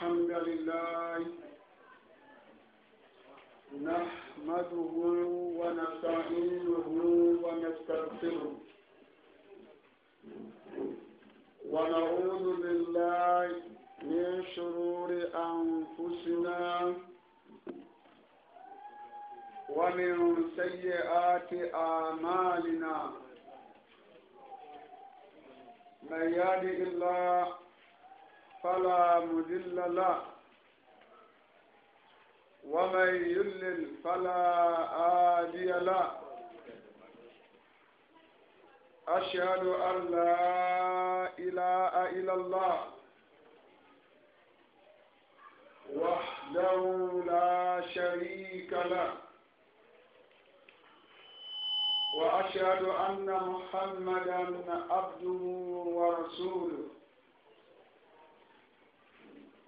الحمد لله نحمده ونستعينه ونستغفره ونعوذ بالله من شرور أنفسنا ومن سيئات أعمالنا من يهده الله فلا مذل له ومن يلل فلا آدي له أشهد أن لا إله إلا الله وحده لا شريك له وأشهد أن محمدا عبده ورسوله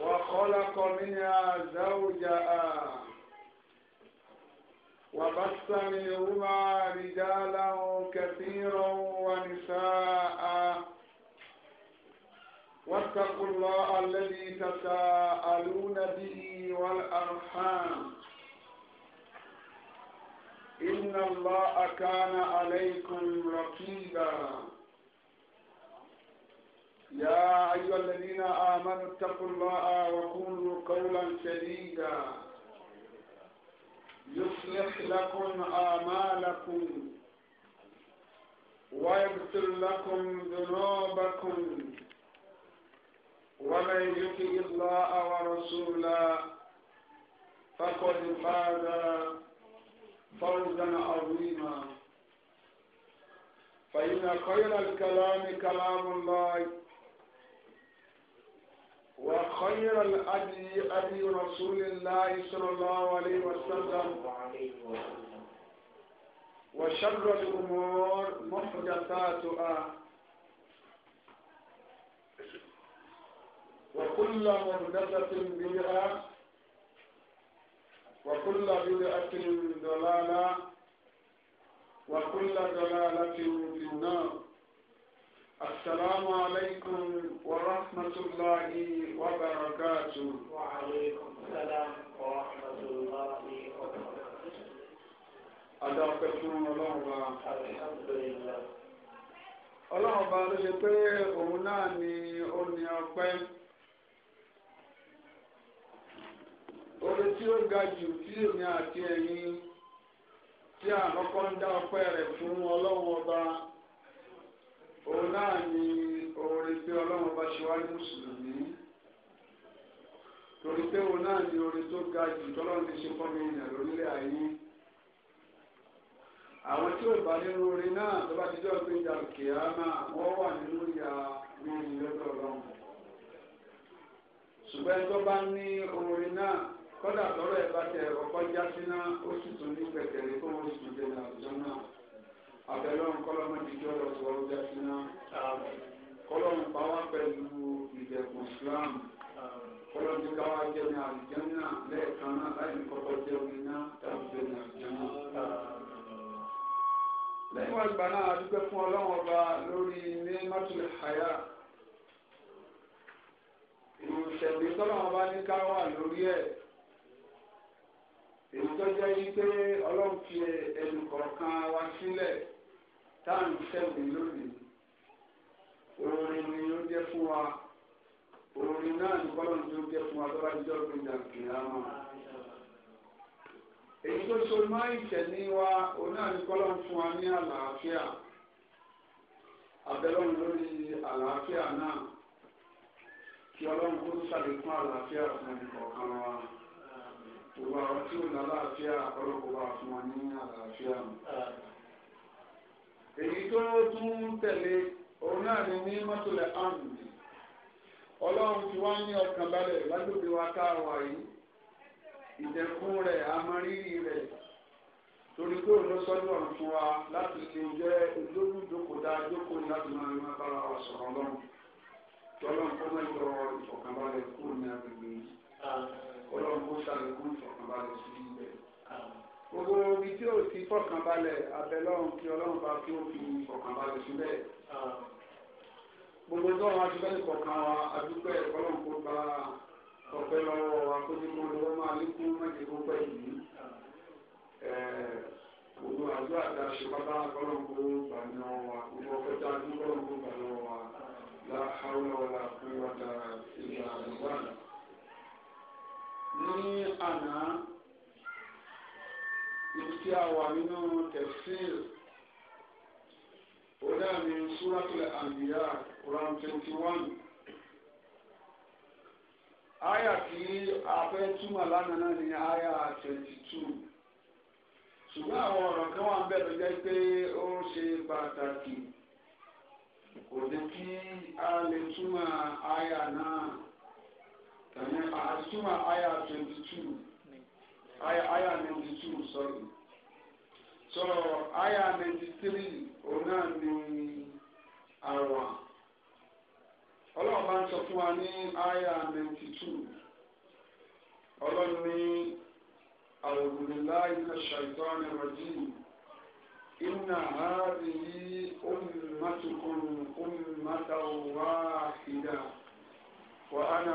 وخلق منها زوجها وبث منهما رجالا كثيرا ونساء واتقوا الله الذي تساءلون به والأرحام إن الله كان عليكم رقيبا يا أيها الذين آمنوا اتقوا الله وقولوا قولا سديدا يصلح لكم آمالكم ويغفر لكم ذنوبكم ومن يطع الله ورسوله فقد فاز فوزا عظيما فإن خير الكلام كلام الله وخير الأدي أبي رسول الله صلى الله عليه وسلم وشر الأمور محدثاتها وكل محدثة بدعة وكل بدعة ضلالة وكل ضلالة في النار السلام عليكم ورحمة الله وبركاته وعليكم السلام ورحمة الله وبركاته أدعوكم الله الحمد لله ọlọ́run ọba ló ṣe pé òun náà ni ó ní ọpẹ́ orí tí ó ga jù tí èmi àti ẹ̀yin tí ń dá ọpẹ́ rẹ̀ fún ọlọ́run ọba òun náà ni oore pé ọlọ́run bá ṣe wáyé mùsùlùmí torí pé òun náà ni oore tó ga jù tọ́lọ́run ti ṣe fọ́mi ènìyàn lórílẹ̀ ayé àwọn tí ò bá nínú oore náà tó bá ti jọ́ pé ìjà kìámà wọ́n wà nínú ìyá mímu lọ́dọ̀ ọlọ́run ṣùgbọ́n tó bá ní oore náà kọ́dà tọ́lọ́ ẹ̀ bá tẹ̀ ọkọ̀ já sí náà ó sì tún ní gbẹ̀gẹ̀rẹ́ kó wọ́n sì tún dé ní àwùjọ náà abẹ́lọ́run kọ́lọ́mọdé kí ọ̀rọ̀ tó ọ̀rọ̀ já sí náà kọ́lọ́run pa wá pẹ̀lú ìdẹ̀kùn Islam kọ́lọ́run ti ká wá jẹ́ ní àlùjànnà lẹ́ẹ̀kan náà láì kọ́kọ́ jẹ́ omi náà tàbí jẹ́ ní àlùjànnà. lẹ́yìn wá gbà náà dúpẹ́ fún ọlọ́run ọba lórí ní mátúlẹ̀ àyà ìṣẹ̀lẹ̀ tọ́lọ́run ọba ní ká wà lórí ẹ̀ èyí tó jẹ́ yí pé ọlọ́run fi ẹnì kọ̀ọ̀kan wá sílẹ̀ táwọn ìṣẹ́gun lónìí orin ni ó jẹ́ fún wa orin náà ní bọ́lá ní ó jẹ́ fún wa tó bá jẹ́ òpin ìdàgbé àmọ́. èyí tó so má ìṣẹ̀ní wa òun náà ní bọ́lá fún wa ní àlàáfíà abẹ́lọ́run lórí àlàáfíà náà kí ọlọ́run kó ṣàlékún àlàáfíà fún ẹnìkọ̀ọ̀kan wa gbogbo àwọn tí ò ní àlàáfíà ọlọ́kọ̀ọ́ wa fún wa ní àlàáfíà èyí tó tún tẹ̀lé òun náà ni ní mọ́tòlẹ̀ àrùn ọlọ́run ti wá ní ọkàn balẹ̀ lágbègbè wa tá a wà yìí ìdẹ̀kùn rẹ̀ amárírì rẹ̀ torí pé òun ló sọ́dọ̀ ọ̀run fún wa láti ṣe jẹ́ olóògùn jókòdá jókòó láti máa ń bára wa sọ̀rọ̀ lọ́rùn tọ́lọ́run kó má yọ ìfọ̀kànbalẹ̀ kúrò ní agbègbè yìí ọlọ́run kó sàlékún ìfọ̀kànbalẹ̀ sí ibẹ̀ gbogbo ibi tí ó ti fọkànbalẹ̀ abẹ́lọ́run kí ọlọ́run bá kí ó fi fọkànbalẹ̀ sílẹ̀ gbogbo tí wọn adúgbò ní kọ̀ọ̀kan wa adúgbò ẹ̀ kọ́lọ́n kó bá ọ̀pẹ lọ́wọ́ wa kó ní kó lọ́wọ́ máa lékún méje kó pẹ́ yìí gbogbo àjọ àti àṣepátá kọ́lọ́n kó gbà ní ọwọ́ wa gbogbo ọ̀pẹ tí a ní kọ́lọ́n kó gbà lọ́wọ́ wa la hawla wala quwwata illa billah ibi tí a wà nínú tafsir ọ̀dà mi Suratul Anbiya Quran twenty one aya tí a fẹ́ túmọ̀ lánàá náà ní aya twenty ṣùgbọ́n àwọn ọ̀rọ̀ kan wà ń bẹ̀ tó jẹ́ pé ó ṣe pàtàkì kò ní kí a lè túmọ̀ aya náà tàbí àtúmọ̀ aya twenty aya aya sorry so aya ninety three òun ni àwọn ọlọ́run bá ń fún wa ní aya ninety two ọlọ́run ní na iná ṣàìtàn ẹ̀rọ̀jì iná ààrẹ yìí ummatukum ummatan wa ana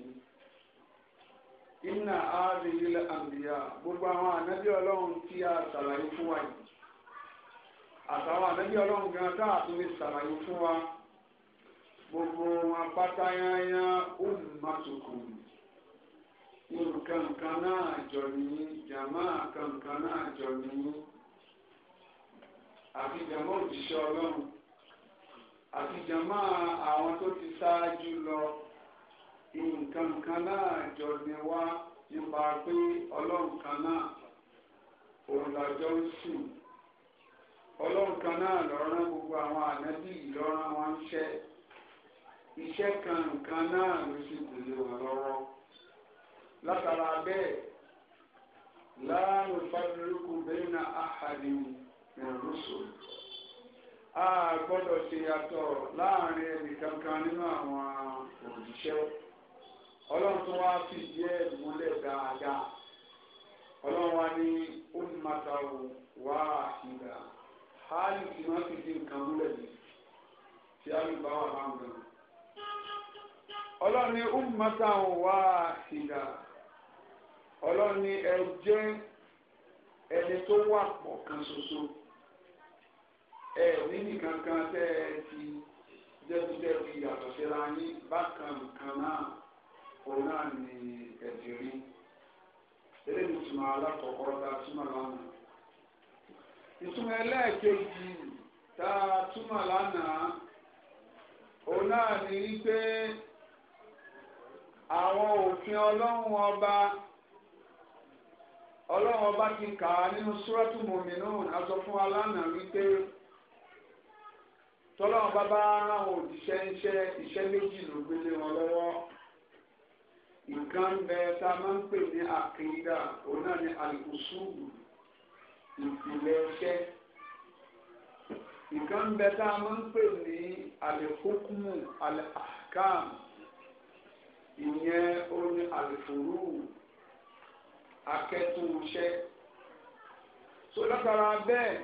inna azihil anbiya gbogbo àwọn ànábì ọlọ́run tí a ṣàlàyé fún wa yìí àtàwọn ànábì ọlọ́run gan tá a tún lè ṣàlàyé fún wa gbogbo wọn pátá yányá ummatukum nǹkan kan náà jọ nìyí jàmá kankan náà jọ nìyí àti jàmá òjíṣẹ́ ọlọ́run àti jàmá àwọn tó ti ṣáájú lọ. nǹkan kan náà jọ ni wá nípa pé ọlọ́run kan náà òun làjọ ń sìn ọlọ́run kan náà lọ́rán gbogbo àwọn ànábì lọ́rán wọn ń ṣẹ́ iṣẹ́ kan nǹkan náà ló sì tẹ̀lé wọn lọ́wọ́ látara bẹ́ẹ̀ láàánú fábíríkù bẹ́ẹ̀ na àhàlì ìrúsọ a gbọ́dọ̀ ṣe yàtọ̀ láàrin ẹnì nínú àwọn òṣìṣẹ́. ọlọ́run tó wá fìdí ẹ̀ múlẹ̀ dáadáa ọlọ́run wa ní ummata wahida hali tí wọ́n fi di nǹkan múlẹ̀ ní tí a lè bá wà láwọn gan. ọlọ́run ní ummata wahida ọlọ́run ní ẹ jẹ́ ẹni tó wà pọ̀ kan ṣoṣo ẹ ní nìkan kan tẹ́ ẹ ti jẹ́ tó tẹ́ fi yàtọ̀ síra yín bákan kan náà. òun náà ní ẹ̀dìrín eléyìí túmọ̀ alákọ̀ọ́kọ́ tá a túmọ̀ lánàá ìtumọ̀ ẹlẹ́ẹ̀kejì tá a túmọ̀ lánàá òun náà ní pé àwọn ọba ọba ti kà á nínú fún wa lánàá wípé tọ́lọ́run bá iṣẹ iṣẹ meji wọn nǹkan bẹ tá a máa ń pè ní àkìdá òun náà ní àlùkùsùlù ìpìlẹ̀ ẹ̀ṣẹ̀ nǹkan bẹ tá a máa ń pè ní àlùkùkùmù àlùkàm ìyẹn òun ní àlùfòrú akẹ́tùnṣẹ́ so bẹ́ẹ̀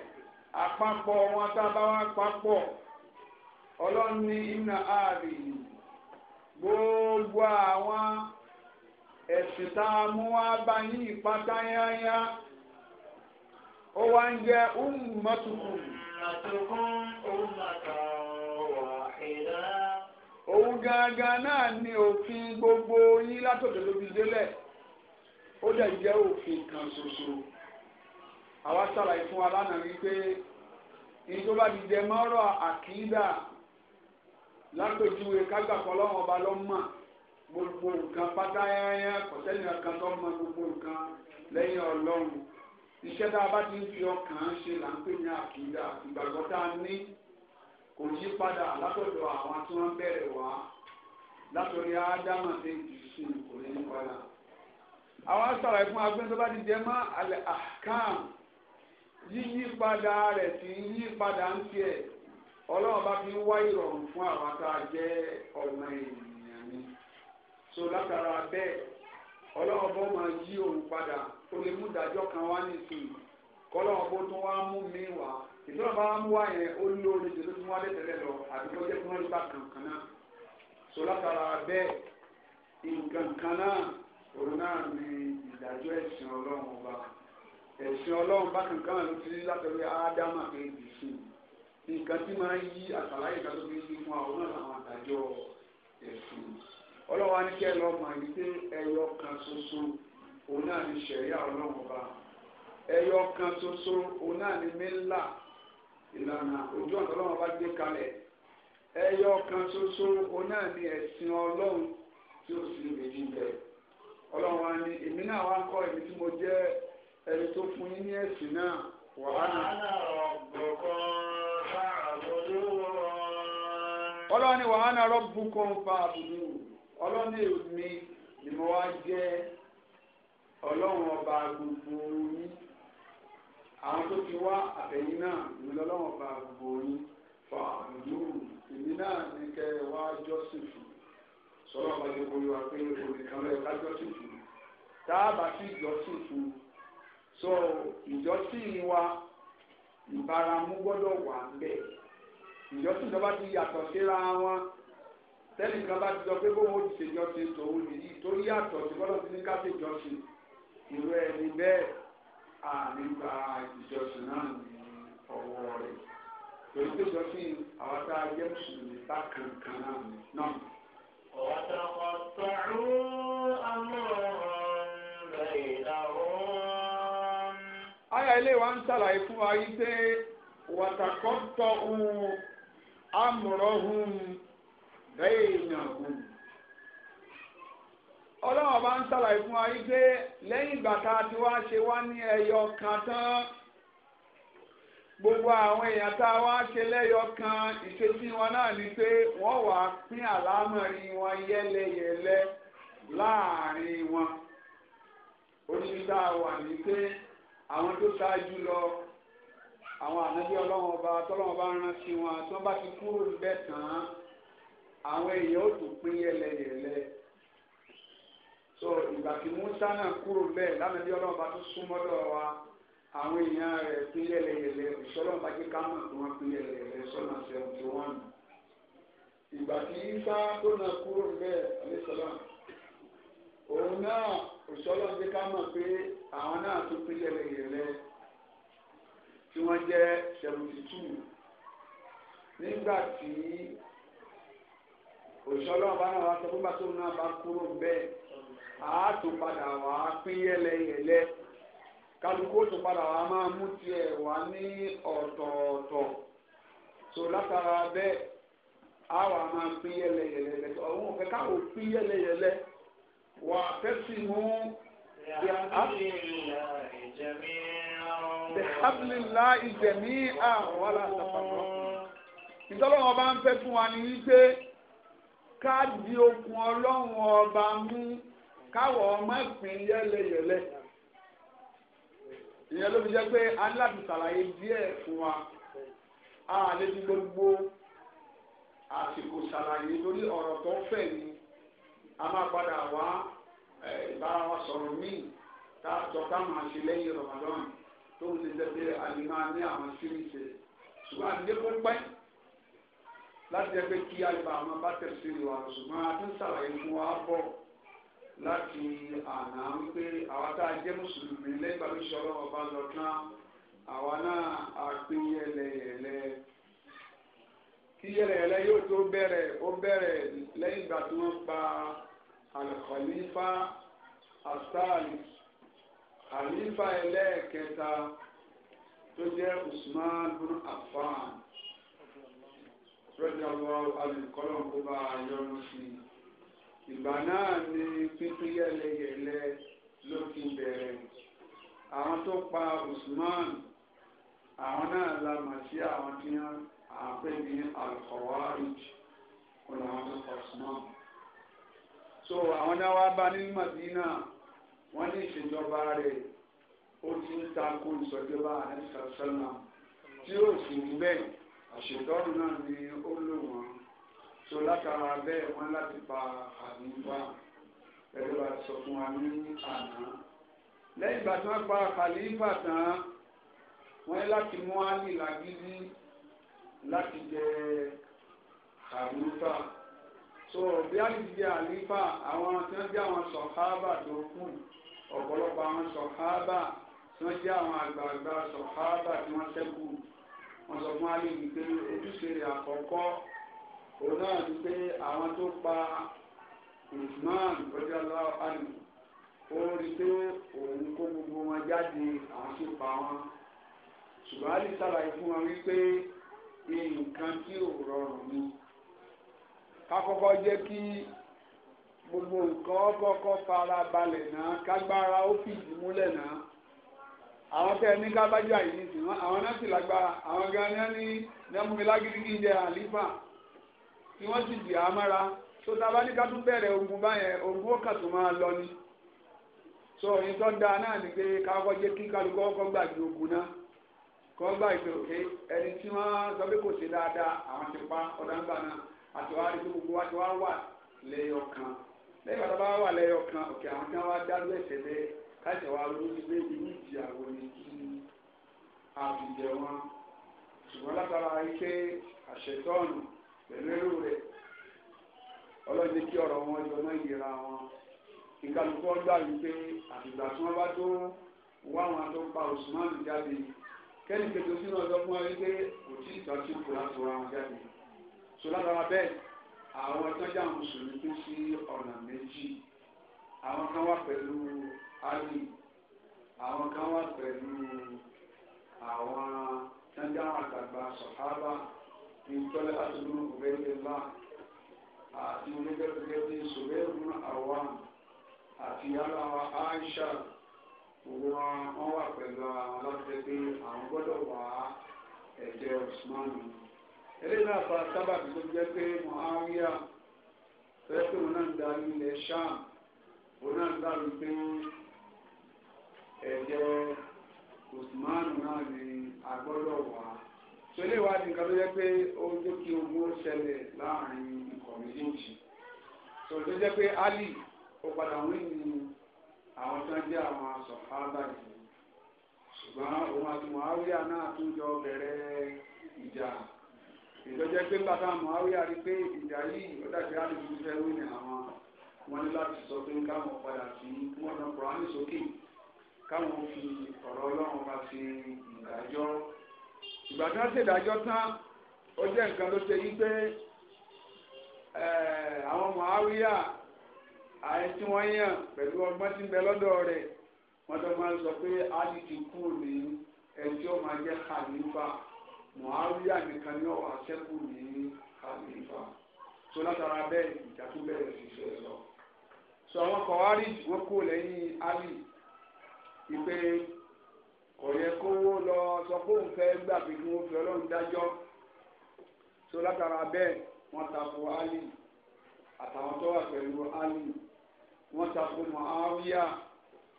àpapọ̀ wọn tá a bá wá papọ̀ ọlọ́run ìnà ààrẹ gbogbo àwọn. ẹ̀sìn tá a mú wá ya yín ìpátá yáyá ó wá ń jẹ́ ummatukum. òun gangan náà ni òfin gbogbo yín látọ̀dọ̀ lóbi délẹ̀ ó dẹ̀ jẹ́ òfin kan ṣoṣo àwa ṣàlàyé fún wa lánàá wípé ní tó bá ti jẹ mọ́rọ̀ àkídà lápèjúwe lọ́wọ́ ọba lọ́mọ́ gbogbo nǹkan pátá yányá kọ̀sẹ́ni ọ̀kan tó mọ gbogbo nǹkan lẹ́yìn ọlọ́run iṣẹ́ tá a bá ti ń fi ọkàn ṣe là ń pè ní àkìdá ìgbàgbọ́ tá a ní kò yí padà látọ̀dọ̀ àwọn tí wọ́n bẹ̀rẹ̀ wá látọ̀rí ádámà tó ń jùsí kò ní yí padà. àwọn sọ̀rọ̀ ẹ̀fún agbẹ́ni tó bá ti jẹ mọ́ àlẹ́ àkàm yíyí padà rẹ̀ tí yí padà ń tiẹ̀ ọlọ́run bá fi ń wá ìrọ̀rùn fún àwọn tá a jẹ́ ọmọ ènìyàn so látara bẹ́ẹ̀ ọlọ́run bó máa yí òun padà ó lè mú ìdájọ́ kan wá nísìnyí kọ́lọ́run bó tún wá mú mi wá ìtura bá ń wá yẹn ó lóore jù ló tún wá lẹ́tẹ̀lẹ́ lọ àbí kọjá fún wọn nípa kankan náà so látara bẹ́ẹ̀ nǹkan kan náà òun náà ní ìdájọ́ ẹ̀sìn ọlọ́run ọba ẹ̀sìn ọlọ́run bá kankan náà ló ti rí látọ̀rí ádámà pé bìsìn nǹkan tí máa yí àtàláyé kan tó fi àwọn náà ẹ̀sìn. ọlọ́wọ́ aníkẹ́ lọ mọ̀ wípé ẹyọ kan ṣoṣo òun náà ní ẹyọ kan ṣoṣo òun náà ní mílà ìlànà ojú ẹyọ kan ṣoṣo òun náà ní ẹ̀sìn ọlọ́run tí ó sì méjì bẹ̀ ọlọ́run ní èmi náà tí mo jẹ́ ẹni tó fún yín ní ẹ̀sìn náà ni ọlọ́ni mi ni mo wá jẹ́ ọlọ́run ọba gbogbo yín àwọn tó ti wá àtẹ̀yìn náà ni ọlọ́run ọba gbogbo yín fa àmúlùú èmi náà ní kẹ́ ẹ wá jọ́sìn fún sọlá ọba tó kọ́ yíwa pé olùkàn lọ́yọ̀ ká jọ́sìn fún tá a bá sí ìjọ́sìn fún so ìjọ́sìn wa ìbáramu gbọ́dọ̀ wà ń bẹ̀ ìjọ́sìn tó bá ti yàtọ̀ síra wọn tẹ́lẹ̀ kan bá ti sọ pé bóun ó ti ṣèjọ́ ṣe tòun nìyí tó yàtọ̀ sí bọ́lá sí ní ká ṣe ìlú ẹni bẹ́ẹ̀ ànígbà ìjọsìn náà ní ọwọ́ rẹ̀ torí pé ìjọsìn àwọn tá a jẹ́ mùsùlùmí bá kankan náà ní náà. وتقطعوا أمرهم بينهم Aya ilé wa ń ṣàlàyé fún wa bainahum. ọlọ́run bá ń ṣàlàyé fún wa yí pé lẹ́yìn ìgbà tá a ti wá ṣe wá ní ẹyọ kan tán gbogbo àwọn èèyàn tá a wá ṣe lẹ́yọ kan ìṣesí wọn náà ni pé wọ́n wàá pín àlámọ̀rí wọn yẹ́lẹyẹ̀lẹ láàrin wọn oníṣẹ́ àwà ní pé àwọn tó ṣáájú lọ àwọn ànábí ọlọ́wọ́n ọba tọ́lọ́wọ́n bá rán sí wọn tí wọ́n bá ti kúrò níbẹ̀ tán àwọn èèyàn ó tún pín yẹlẹyẹlẹ so ìgbà tí musa náà kúrò bẹ́ẹ̀ lánàbí ọlọ́run bá tún súnmọ́dọ̀ wa àwọn èèyàn rẹ̀ pín yẹlẹyẹlẹ ìṣọlọ́run bá jẹ́ ká mọ̀ tí wọ́n pín yẹlẹyẹlẹ sọ́nà seventy one ìgbà tí isa tó náà kúrò bẹ́ẹ̀ alẹ́sọ̀lá òun náà ìṣọlọ́run jẹ́ ká mọ̀ pé àwọn náà tún pín yẹlẹyẹlẹ tí wọ́n jẹ́ seventy two nígbà tí òṣìṣọ́lọ́wọ́ bá náà wá sọ fún bàtò náà bá kúrò bẹ́ẹ̀ àá tún padà wá pín yẹ́lẹyẹ̀lẹ kálukú tún padà wá máa mú tiẹ̀ wá ní ọ̀tọ̀ọ̀tọ̀ tó látara bẹ́ẹ̀ á wà máa pín yẹ́lẹyẹ̀lẹ ọ̀hún òfẹ́ káwọn pín yẹ́lẹyẹ̀lẹ wà fẹ́sì mú bihamillah ìjẹ̀mí àwọn wàlá àtàkùn. ìtọ́lọ́wọ́ bá ń fẹ́ fún wa ní wípé ká di okun ọlọ́run ọba mú káwọ̀ ọmọ ìpín yẹ́lẹyẹ̀lẹ. ìyẹn ló fi jẹ́ pé a ní láti ṣàlàyé díẹ̀ fún wa a lè fi gbogbo àsìkò ṣàlàyé lórí ọ̀rọ̀ tó fẹ̀ ni a máa padà wá ìbára wa sọ̀rọ̀ míì tá a sọ ká máa ṣe lẹ́yìn Ramadan tó ń ṣe jẹ́ pé a lè máa ní àwọn síríṣẹ́ ṣùgbọ́n àdéhùn pẹ́ láti jẹ́ pé kí àgbà àwọn bá tẹ̀síìrì wa ṣùgbọ́n a ti ń ṣàlàyé fún wa bọ̀ láti àná wípé àwa tá a jẹ́ mùsùlùmí lẹ́gbàá ló ṣe ọlọ́wọ́ bá lọ tán àwa náà a pín yẹlẹyẹlẹ kí yẹlẹyẹlẹ yóò tó bẹ̀rẹ̀ ó bẹ̀rẹ̀ lẹ́yìn ìgbà tí wọ́n pa al-Khalifa asaali Khalifa ẹlẹ́ẹ̀kẹta tó jẹ́ Usman bin Affan rọ́jà wọ alùkọ́lọ̀ kó bá a yọnu sí i. ìgbà náà ni pínpín yẹlẹyẹlẹ ló ti bẹ̀rẹ̀. àwọn tó pa Usman àwọn náà la mà sí àwọn tí wọ́n àpè ní alukọ̀wárìj kò làwọn tó pa Usman. so àwọn náà wá bá ní Madina wọ́n ní ìṣèjọba rẹ̀ ó ti ń ta ìṣọ̀jọba àdìsá sọ́nà tí ó sì ń bẹ́ẹ̀ àṣetọ́rù náà ni ó lò wọ́n tó látara bẹ́ẹ̀ wọ́n láti pa àdúgbà ẹ̀rọ àti sọ fún wa ní àná. lẹ́yìn ìgbà tí wọ́n pa Khalifa tán wọ́n láti mú Ali lágídí láti jẹ Khalifa so bí Ali ti jẹ Khalifa àwọn tí wọ́n jẹ́ àwọn sọ̀hábà tó kù ọ̀pọ̀lọpọ̀ àwọn sọ̀hábà tí wọ́n jẹ́ àwọn àgbààgbà sọ̀hábà tí wọ́n ṣẹ́kù wọ́n sọ fún alẹ́ wípé ojúṣe rẹ̀ àkọ́kọ́ òun náà ni pé àwọn tó pa Usman lọ́jọ́ aláwọ̀ àná ó rí pé òun kó gbogbo wọn jáde àwọn tó pa wọn ṣùgbọ́n alẹ́ ṣàlàyé fún wọn wípé nǹkan tí ò rọrùn ni kákọ́kọ́ jẹ́ kí gbogbo nǹkan kọ́kọ́ fara balẹ̀ náà kágbára ó fìdí múlẹ̀ náà àwọn tẹ ní kábájá yìí nìsín àwọn náà sì lágbára àwọn ganan ní nẹmúmi lágídígí jẹ àlífà tí wọn sì dì àmọ́ra tó tábà ní kátó bẹ̀rẹ̀ ogun báyẹn ogun ó kà tó máa lọ ni so èyí tó dáa náà ni pé káwọ́ jẹ́ kí kálukọ́ kọ́ gbàgbé ogun náà kọ́ gbàgbé òkè ẹni tí wọ́n sọ pé kò sí dáadáa àwọn ti pa ọ̀dàǹgbà náà àti wàá rí gbogbo wa ti wá wà lẹ́yọ̀ kan lẹ́yìn bàtà wà lẹ́yọ̀ kan òkè àwọn tí wọ́n wá dá lẹ́sẹ̀ láti wá lórí pé inú ìdí àwọn ni kí àbìjẹ wọn ṣùgbọ́n látara ike àṣetọ́ọ̀nù pẹ̀lú èrò rẹ̀ ọlọ́run ní kí ọ̀rọ̀ wọn jọ náà yẹra wọn ìkàlùkù ọgbà wípé àtìgbà tí wọ́n bá tó wá wọn tó pa Usman jáde kẹ́ni kejì sínú ọjọ́ fún wa wípé kò tí ì tọ́jú kó láti wá wọn jáde so látara bẹ́ẹ̀ àwọn tọ́jà mùsùlùmí tó sí ọ̀nà méjì àwọn kan wà pẹ̀lú ali àwọn kan wà pẹ̀lú àwọn sanjá àgbàgbà sọ̀hábà ìtọ́lẹ̀ àtúndúró òbẹ́lẹ́lá àti onígbẹ́gbẹ́gbẹ́ sọ̀rẹ́rù àwọn àti yàrá wa Aisha wọn wọn wà pẹ̀lú àwọn aláṣẹ pé àwọn gbọ́dọ̀ wá ẹ̀jẹ̀ Usman eléyìí náà fa sábàbí tó jẹ́ pé Muawiya fẹ́ pé òun náà ń darí ilẹ̀ Sham òun náà ń darí pé ẹ̀jẹ̀ Usman náà ni a gbọ́dọ̀ wá sọlẹ̀ wa nìkan ló yẹ pé ó jẹ́ kí ogun ó ṣẹlẹ̀ láàrin ikọ̀ méjèèjì sọlẹ̀ tó jẹ́ pé Ali ó padà wí ní àwọn tó ń jẹ́ àwọn sọ̀hábà yìí ṣùgbọ́n òun àti Muawiya náà tún jọ bẹ̀rẹ̀ ìjà ìjọjẹ́ pé bàbá Muawiya rí pé ìjà yìí ó dàbí alùpùpù fẹ́ wí ní àwọn wọn ní láti sọ pé káwọn padà sí wọn kùránì sókè káwọn fi ọ̀rọ̀ ọlọ́run bá ṣe ìdájọ́ ìgbà tí wọ́n ṣe ìdájọ́ tán ó jẹ́ nǹkan ló ṣe yí pé àwọn mọ̀háwíyà àyè tí wọ́n yàn pẹ̀lú ọgbọ́n tí ń bẹ lọ́dọ̀ rẹ̀ wọ́n tó máa ń sọ pé ali ti kú ní ẹjọ́ máa jẹ́ khalifa mọ̀háwíyà nìkan ni ọ̀wà ṣẹ́kù ní khalifa tó látara bẹ́ẹ̀ ìjà tó bẹ̀rẹ̀ sí ṣe lọ. sọ àwọn kọ̀wárì wọ́n kó lẹ́yìn ali ìpè kò yẹ kó wọ́n lọ sọ pé òun fẹ́ gbà pé kí wọ́n fi ọlọ́run dájọ́ so látara bẹ́ẹ̀ wọ́n tako ali àtàwọn tó wà pẹ̀lú ali wọ́n tako mọ̀áwíyà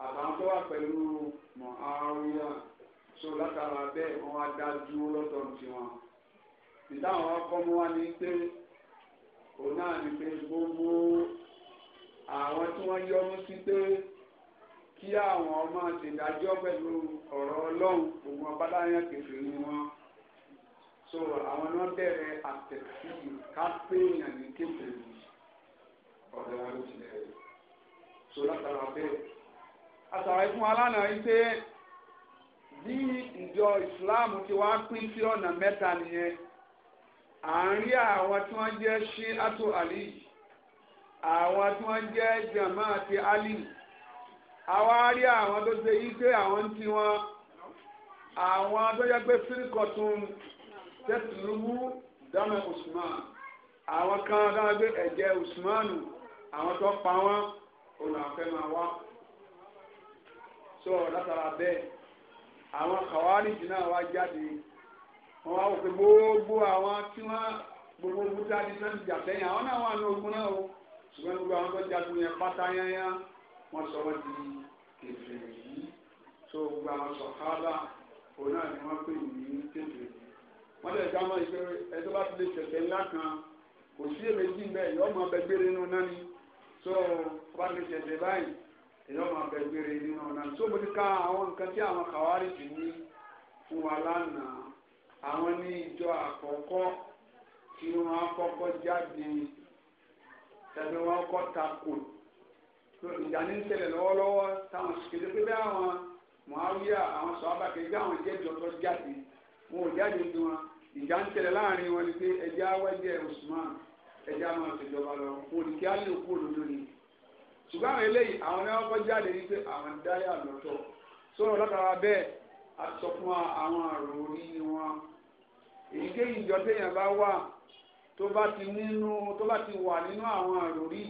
àtàwọn tó wà pẹ̀lú mọ̀áwíyà so látara bẹ́ẹ̀ wọ́n wá dá dúró lọ́tọ̀ tiwọn ìdáhùn akọ́mú wa ni pé òun náà ni pé gbogbo àwọn tí wọ́n yọ ọmú sí pé kí àwọn ọmọ ṣèdájọ́ pẹ̀lú ọ̀rọ̀ ọlọ́run òun ọba kejì ni wọ́n so àwọn náà bẹ̀rẹ̀ àtẹ̀sí kápẹ́yàn ní kejì ọ̀dọ̀ wọn ló ti so látara bẹ́ẹ̀ àtàwọn ẹ̀fún alánà yìí pé bí ìjọ Islam ti wá pín sí ọ̀nà mẹ́ta nìyẹn àárín àwọn tí wọ́n jẹ́ ṣí àtò àlì àwọn tí wọ́n jẹ́ jàmáà àti àlì àwa rí àwọn tó ṣe yí pé àwọn ń ti wọn àwọn tó yẹ pé fírikọ̀tún tẹ̀sílùmú dáná Usman àwọn kan dáná gbé ẹ̀jẹ̀ Usmanu àwọn tó pa wọn òun àwọn fẹ́ máa wá sọ látara bẹ́ẹ̀ àwọn kàwáríjì náà wá jáde wọn wá wòpé gbogbo àwọn tí wọn gbogbo búta ní sẹ́ńtì jàtẹ́yìn àwọn náà wà ní ogun náà o ṣùgbọ́n gbogbo àwọn tó jagun yẹn pátá yányá wọn sọ wọn di tètè yìí tó gba sọ̀hálà òun náà ni wọ́n pè ní tètè yìí. wọ́n lè dá mọ́ ìpè ẹjọ́ bá ti lè tẹ̀tẹ̀ ńlá kan kò sí èméjì ń bẹ èyí ọmọ abẹ gbére nínú náà ni tó bá lè tẹ̀tẹ̀ báyìí èyí ọmọ abẹ gbére nínú náà ni tó mo ti ka àwọn nǹkan tí àwọn kàwárí ti ní fún wa lánàá àwọn ní ìjọ àkọ́kọ́ tí wọ́n kọ́kọ́ jáde tẹ̀lé wọn kọ́ takò ìdáni ń tẹ̀lé lọ́wọ́lọ́wọ́ táwọn kéde pé bẹ́ẹ̀ àwọn mọ̀háwíyà àwọn sọ̀hábà kéde àwọn jẹ́jọ́ tó jáde wọn ò jáde ju wọn ìjà ń tẹ̀lé láàrin wọn ni pé ẹja wájẹ́ Usman ẹja máa ṣèjọba lọ wọn ni kí á lè kú òdodo ni ṣùgbọ́n àwọn eléyìí àwọn ẹni wọn kọ́ jáde ni pé àwọn dáyà lọ́tọ̀ sọ̀rọ̀ látara bẹ́ẹ̀ a sọ fún àwọn àròrí wọn èyíkéyìí ìjọ téèyàn bá wà tó bá ti wà nínú àwọn àròrí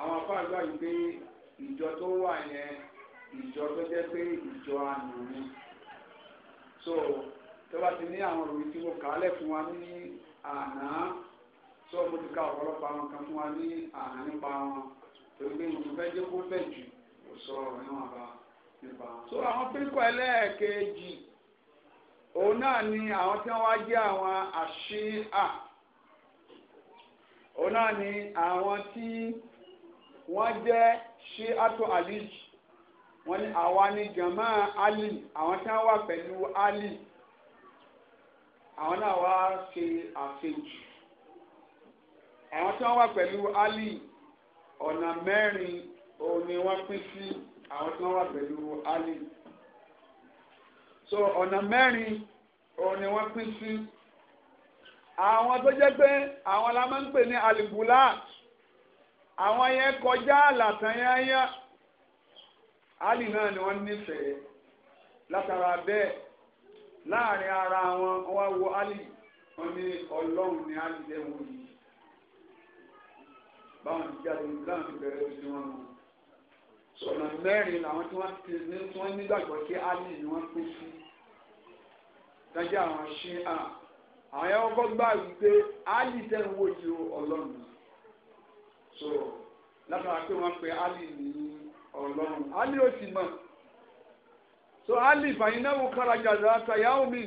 àwọn afáàgbà yìí pé ìjọ tó wà yẹn ìjọ tó jẹ́ pé ìjọ àná ni so tó bá ti ní àwọn òwe tí mo kà á lẹ̀ fún wa ní àná so mo ti ka ọ̀pọ̀lọpọ̀ àwọn kan fún wa ní àná nípa wọn torí pé mo fẹ́ jẹ́ kó bẹ̀ jù kò sọ ọ̀rọ̀ níwọ̀n bá nípa wọn. so àwọn pínpín ẹlẹ́ẹ̀kejì òun náà ni àwọn tí wọ́n wá jẹ́ àwọn àṣìá òun náà ni àwọn tí wọ́n jẹ́ ṣé ato ali wọ́n ní àwa ní jama ali àwọn tí wọ́n wà pẹ̀lú ali àwọn náà wá ṣe àfẹjù àwọn tí wọ́n wà pẹ̀lú ali ọ̀nà mẹ́rin òun ni wọ́n pín sí àwọn tí wọ́n wà pẹ̀lú ali so ọ̀nà mẹ́rin òun ni wọ́n pín sí àwọn tó jẹ́ pé àwọn la máa ń pè ní alìbùláàtì àwọn yẹn kọjá àlàtàn yányá ali náà ni wọ́n nífẹ̀ẹ́ látara bẹ́ẹ̀ láàrin ara wọn wọ́n wo ali wọ́n ní ọlọ́run ní ali lẹ́wọ̀n yìí báwọn ti jáde láwọn ti bẹ̀rẹ̀ ojú wọn nù sọ̀nà mẹ́rin làwọn tí wọ́n ti ní tí wọ́n nígbàgbọ́ sí ali ni wọ́n pín sí dájọ́ àwọn ṣí à àwọn yẹn kọ́kọ́ gbà wípé ali tẹ̀ ń wo ọlọ́run náà so látara pé wọ́n pe ali ní ọlọ́run ali ó sì mọ̀ so ali fàyínáwó kárajà zàtà yàwó mi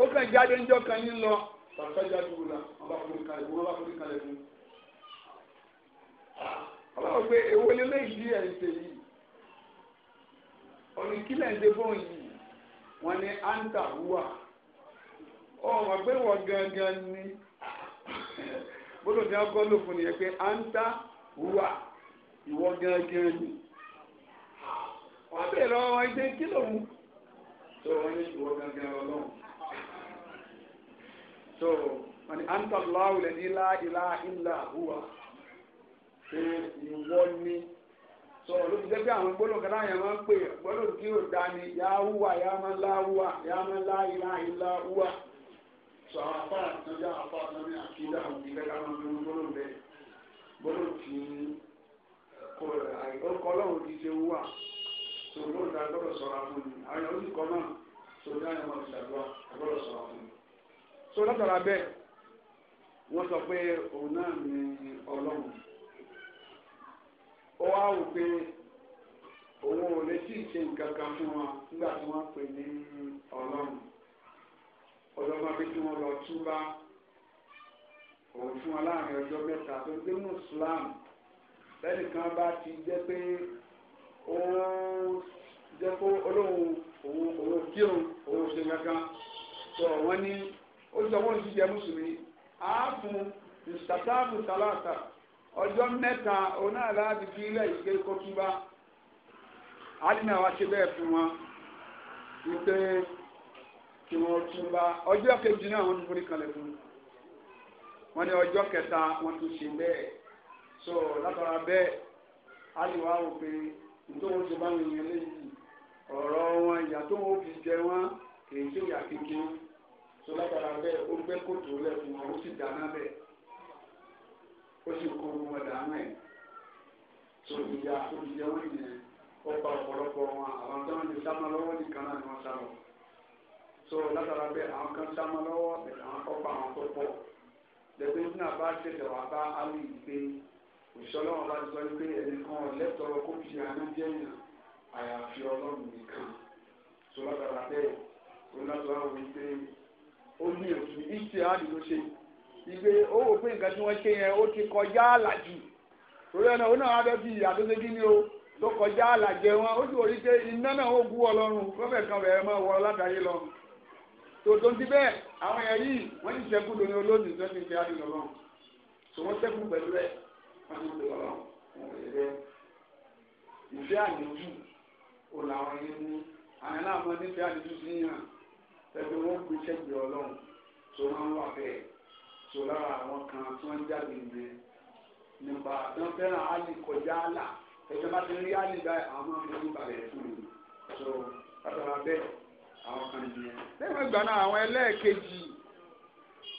ó kàn jáde ńjọ kan yín lọ tàbí jáde wò la wọ́n bá forí kalẹ̀ wọ́n bá forí kalẹ̀ fún ọlọ́run pé èwo lélẹ́yìí ẹ̀ ń ṣe yìí ọ̀nì kílẹ̀ ń ṣe fóun yìí wọ́n ní anta wúwà ọ̀rọ̀ pé wọ́n gangan ni. gbọ́dọ̀ ní ọkọ fún nìyẹn pé anta ń ta wà ìwọ gángan ni wọ́n bèèrè lọ́wọ́ wọn gbé kí lòun tó wọ́n ní ìwọ gángan ọlọ́run tó wọ́n ní à ń ta ilá ilá ilá wà ìwọ ni sọ̀rọ̀ ló fi jẹ́ àwọn kan pè tí dá ni yá yá máa lá yá máa ṣe wà sòrò ìdá gbọ́dọ̀ sọ̀rọ̀ fún mi àwọn yòówù kọ́ náà sòrò ìdá yẹn wọ́n ti dàgbà gbọ́dọ̀ sọ̀rọ̀ fún mi. sọ látara bẹ́ẹ̀ wọ́n sọ pé òun náà ni ọlọ́run ó wá wò pé òun ò lè tí ì ṣe nǹkan kan fún wa nígbà tí wọ́n pè ní ọlọ́run ọlọ́run máa fi kí wọ́n lọ túbá òun fún wa láàrin ọjọ́ mẹ́ta tó gbé mùsùlùmí lẹ́nìkan bá ti jẹ́ pé. ó jẹ́ kó olóhùn òun òun kírun òun ṣe kankan tó wọ́n ní ó sọ ti jẹ́ mùsùlùmí á fún sàlàtà ọjọ́ mẹ́ta òun náà fi ilẹ̀ ìgbé kọ́túbá alina wa bẹ́ẹ̀ fún wa wípé kí wọ́n tún bá ọjọ́ kejì náà wọ́n fún ní nítorí wọn ti bá wọn yẹn léyìí ọ̀rọ̀ wọn ìyá tó wọn fi jẹ wọn kì í ṣe ìyá kékeré tó lágbára bẹ́ẹ̀ ó gbẹ́ kòtò lẹ̀ fún wọn ó sì dáná bẹ́ẹ̀ ó sì kó wọn dáná ẹ̀ tó ìyá tó fi jẹ wọn yẹn ó pa ọ̀pọ̀lọpọ̀ wọn àwọn tó wọn ti sá máa lọ́wọ́ nìkan náà ni wọ́n sá lọ tó lágbára bẹ́ẹ̀ àwọn kan sá máa lọ́wọ́ àwọn kọ́ pa àwọn tó pọ̀ lẹ́gbẹ́ òṣìṣẹ́ ọlọ́run bá ti sọ pé ẹnìkan lẹ́tọ̀ọ́ kó fi àná jẹ́yàn àyàfi ọlọ́run nìkan tó lọ́dọ̀ọ́ra bẹ́ẹ̀ ó lọ́dọ̀ àwọn wípé ó ní òtún ìṣe àdìgbò ṣe ìgbé ó wò pé nǹkan tí wọ́n ṣe yẹn ó ti kọjá àlàjù torí ẹ̀nà ó náà wáá bí àtúnṣe kí ni o tó kọjá àlàjẹ wọn ó sì wò rí pé iná náà ó bú ọlọ́run kọ́fẹ̀ kan rẹ̀ máa wọ látàrí lọ tòótọ́ ti bẹ́ẹ̀ àwọn èèyàn yìí wọ́n ti ṣẹ́kù lórí olóòtú tó ti ṣe àdìgbò lọ́run tòun wọ́n ti pè ọ́ wọ́n lè bẹ́ẹ̀. ìfẹ́ àdójú ò làwọn yẹn ní àyàn náà mọ nífẹ̀ẹ́ àdójú sí yàn tẹ̀lé wọ́n gbé sẹ́gbẹ̀ẹ́ ọlọ́run tó máa ń wà bẹ́ẹ̀ tó lára àwọn kan tí wọ́n jáde yẹn nípa tí wọ́n fẹ́ràn áyì kọjá àlà ẹ̀jẹ̀ bá ti rí áyì báyìí àwọn máa ń fi nípa rẹ̀ fún mi tó látara bẹ́ẹ̀ àwọn kan yẹn. lẹ́yìn ìgbà náà àwọn ẹlẹ́ẹ̀kejì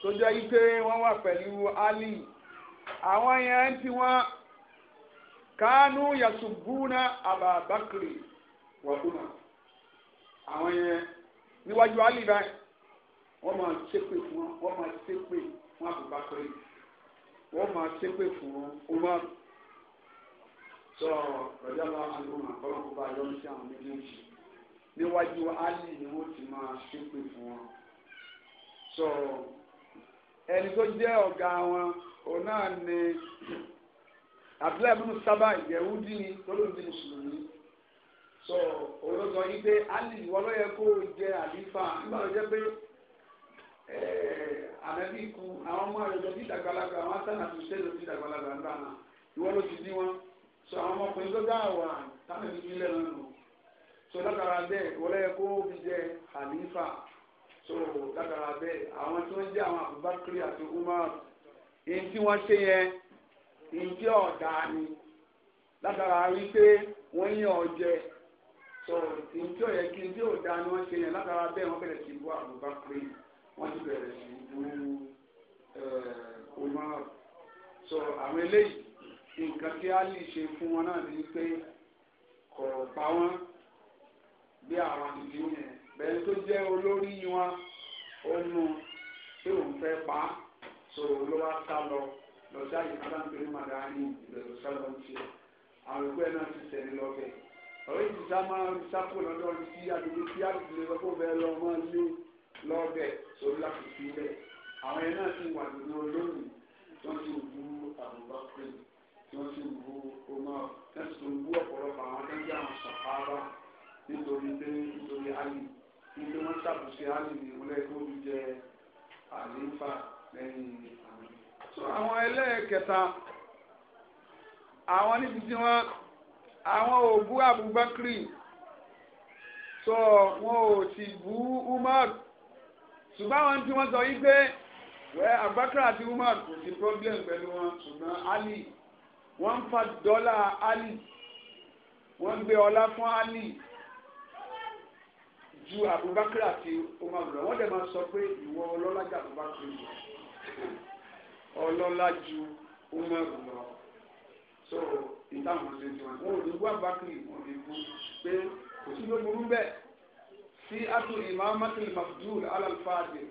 tó jẹ́ ike wọ́n wà pẹ̀lú áyì àwọn yẹn ti wọn kánú yasubúna ababakiri wàhùnà àwọn yẹn níwájú alì báyìí wọ́n máa ṣépè fún wọn wọ́n máa ṣépè fún abubakiri wọ́n máa ṣépè fún Umar sọ rọjá lọ àlùmọ kọlọmọ bá yọ sí àwọn méjèèjì níwájú alì ni wọ́n ti máa ṣépè fún wọn sọ ẹni tó jẹ́ ọ̀gá wọn ona ni abdullahi bin sábà yẹwudi ni lọ́lọ́dún mùsùlùmí so òun ló yìí pé ali wọlọ́ yẹ kó jẹ àlífà nígbà tó jẹ pé ànábì kú àwọn ọmọ rẹ̀ lọ sí àwọn asánà tó ṣe lọ sí ìdàgbàlagbà náà ìwọ ti ní wọn so àwọn ọmọkùnrin tó dá àwà táwọn ènìyàn ní lẹ́nu nù so lágbára bẹ́ẹ̀ wọlọ́ yẹ kó fi jẹ àlífà so lágbára bẹ́ẹ̀ àwọn tí wọ́n jẹ́ àwọn àbúbákiri àti umar. èyí tí wọ́n ṣe yẹn ìjẹ́ ọ̀dà ni látara rí pé wọ́n yàn ọ̀jẹ̀ sọ ìjọ yẹ kí ìjọ ọ̀dà ni wọ́n ṣe yẹn látara bẹ́ẹ̀ wọ́n bẹ̀rẹ̀ sí bú àbúgbà pé wọ́n ti bẹ̀rẹ̀ sí bú ọmọ eh, sọ àwọn eléyìí nǹkan tí a ṣe fún wọn náà ni pé kọ̀rọ̀ pa wọ́n bí àwọn ìlú yẹn bẹ́ẹ̀ tó jẹ́ olórí wọn ó mú pé òun fẹ́ pa á. so ló wá sá lọ lọ sí àyè kábà ń pè ní madani ìbẹ̀rù sá lọ ń tiẹ̀ àwọn ìgbẹ́ náà ti tẹ̀lé lọ́bẹ̀ ọ̀rẹ́ ti sá máa ń sápò lọ́dọ̀ sí àdúgbò tí àdúgbò lè lọ́kọ̀ bẹ́ẹ̀ lọ máa ń lé lọ́bẹ̀ sórí láti fi lẹ̀ àwọn yẹn náà ti wà nínú olóòrùn tí wọ́n ti wù àbúbákùn tí wọ́n ti wù ọmọ náà ti wù ọ̀pọ̀lọpọ̀ àwọn akẹ́kẹ́ àwọn sàfárà nítorí pé nítorí àlè nítorí wọ́n ṣàkóso àlè ìmúlẹ̀ tó ń jẹ àlééfà so àwọn ẹlẹ́ẹ̀kẹta àwọn níbi tí wọ́n àwọn ò bú Abubakri so wọn ò sì bú Umar ṣùgbọ́n àwọn tí wọ́n sọ yí pé wẹ́ Abubakri àti Umar kò sí problem pẹ̀lú wọn ṣùgbọ́n Ali wọ́n ń fa dọ́là Ali wọ́n ń gbé ọlá fún Ali ju Abubakri àti Umar lọ wọ́n dẹ̀ máa sọ pé ìwọ ọlọ́lájà Abubakri lọ ọlọ́lá ju umaru lọ so ìtàwọn ṣe tiwọn wọn ò ní wá bákìrì wọn ò ní kú pé kò sí ló burú bẹ́ẹ̀ sí àtò ìmáàmátì mafdúl alálùfáàdì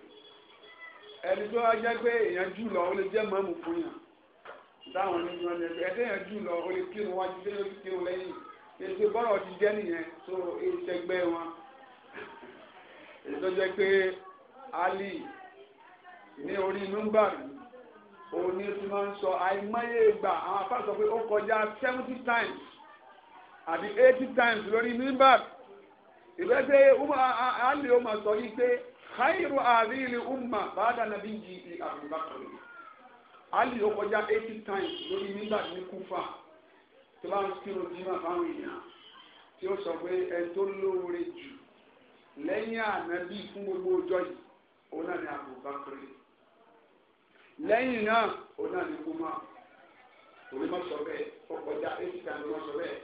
ẹni tó wá jẹ́ pé èèyàn jù lọ ó lè jẹ́ mọ́mù fún yàn táwọn onídìí wọn jẹ́ pé ẹ̀dẹ́ èèyàn jù lọ ó lè kírun wájú pé ó lè kírun lẹ́yìn ètò bọ́rọ̀ ti jẹ́ nìyẹn tó ìṣẹ́gbẹ́ wọn ètò jẹ́ pé Ali ní orí nọ́mbà mi òun ni tí máa ń sọ àìmọye àwọn afá sọ pé ó kọjá seventy times àbí eighty times lórí nọ́mbà ìrẹsẹ̀ àlè ó máa sọ yìí pé khairu àrílì umma bàdà nàbí yìí di àbúbákan àlè ó kọjá eighty times lórí nọ́mbà ní kúfà tí wọ́n ń kírun jimá fáwọn èèyàn tí ó sọ pé ẹ tó lóore jù lẹ́yìn ànábì fún gbogbo ọjọ́ yìí òun náà ni àbúbákan yìí. lẹ́yìn náà ó náà ní kó máa òní má sọ bẹ́ẹ̀ ọkọjá èsìkà ni wọ́n bẹ́ẹ̀.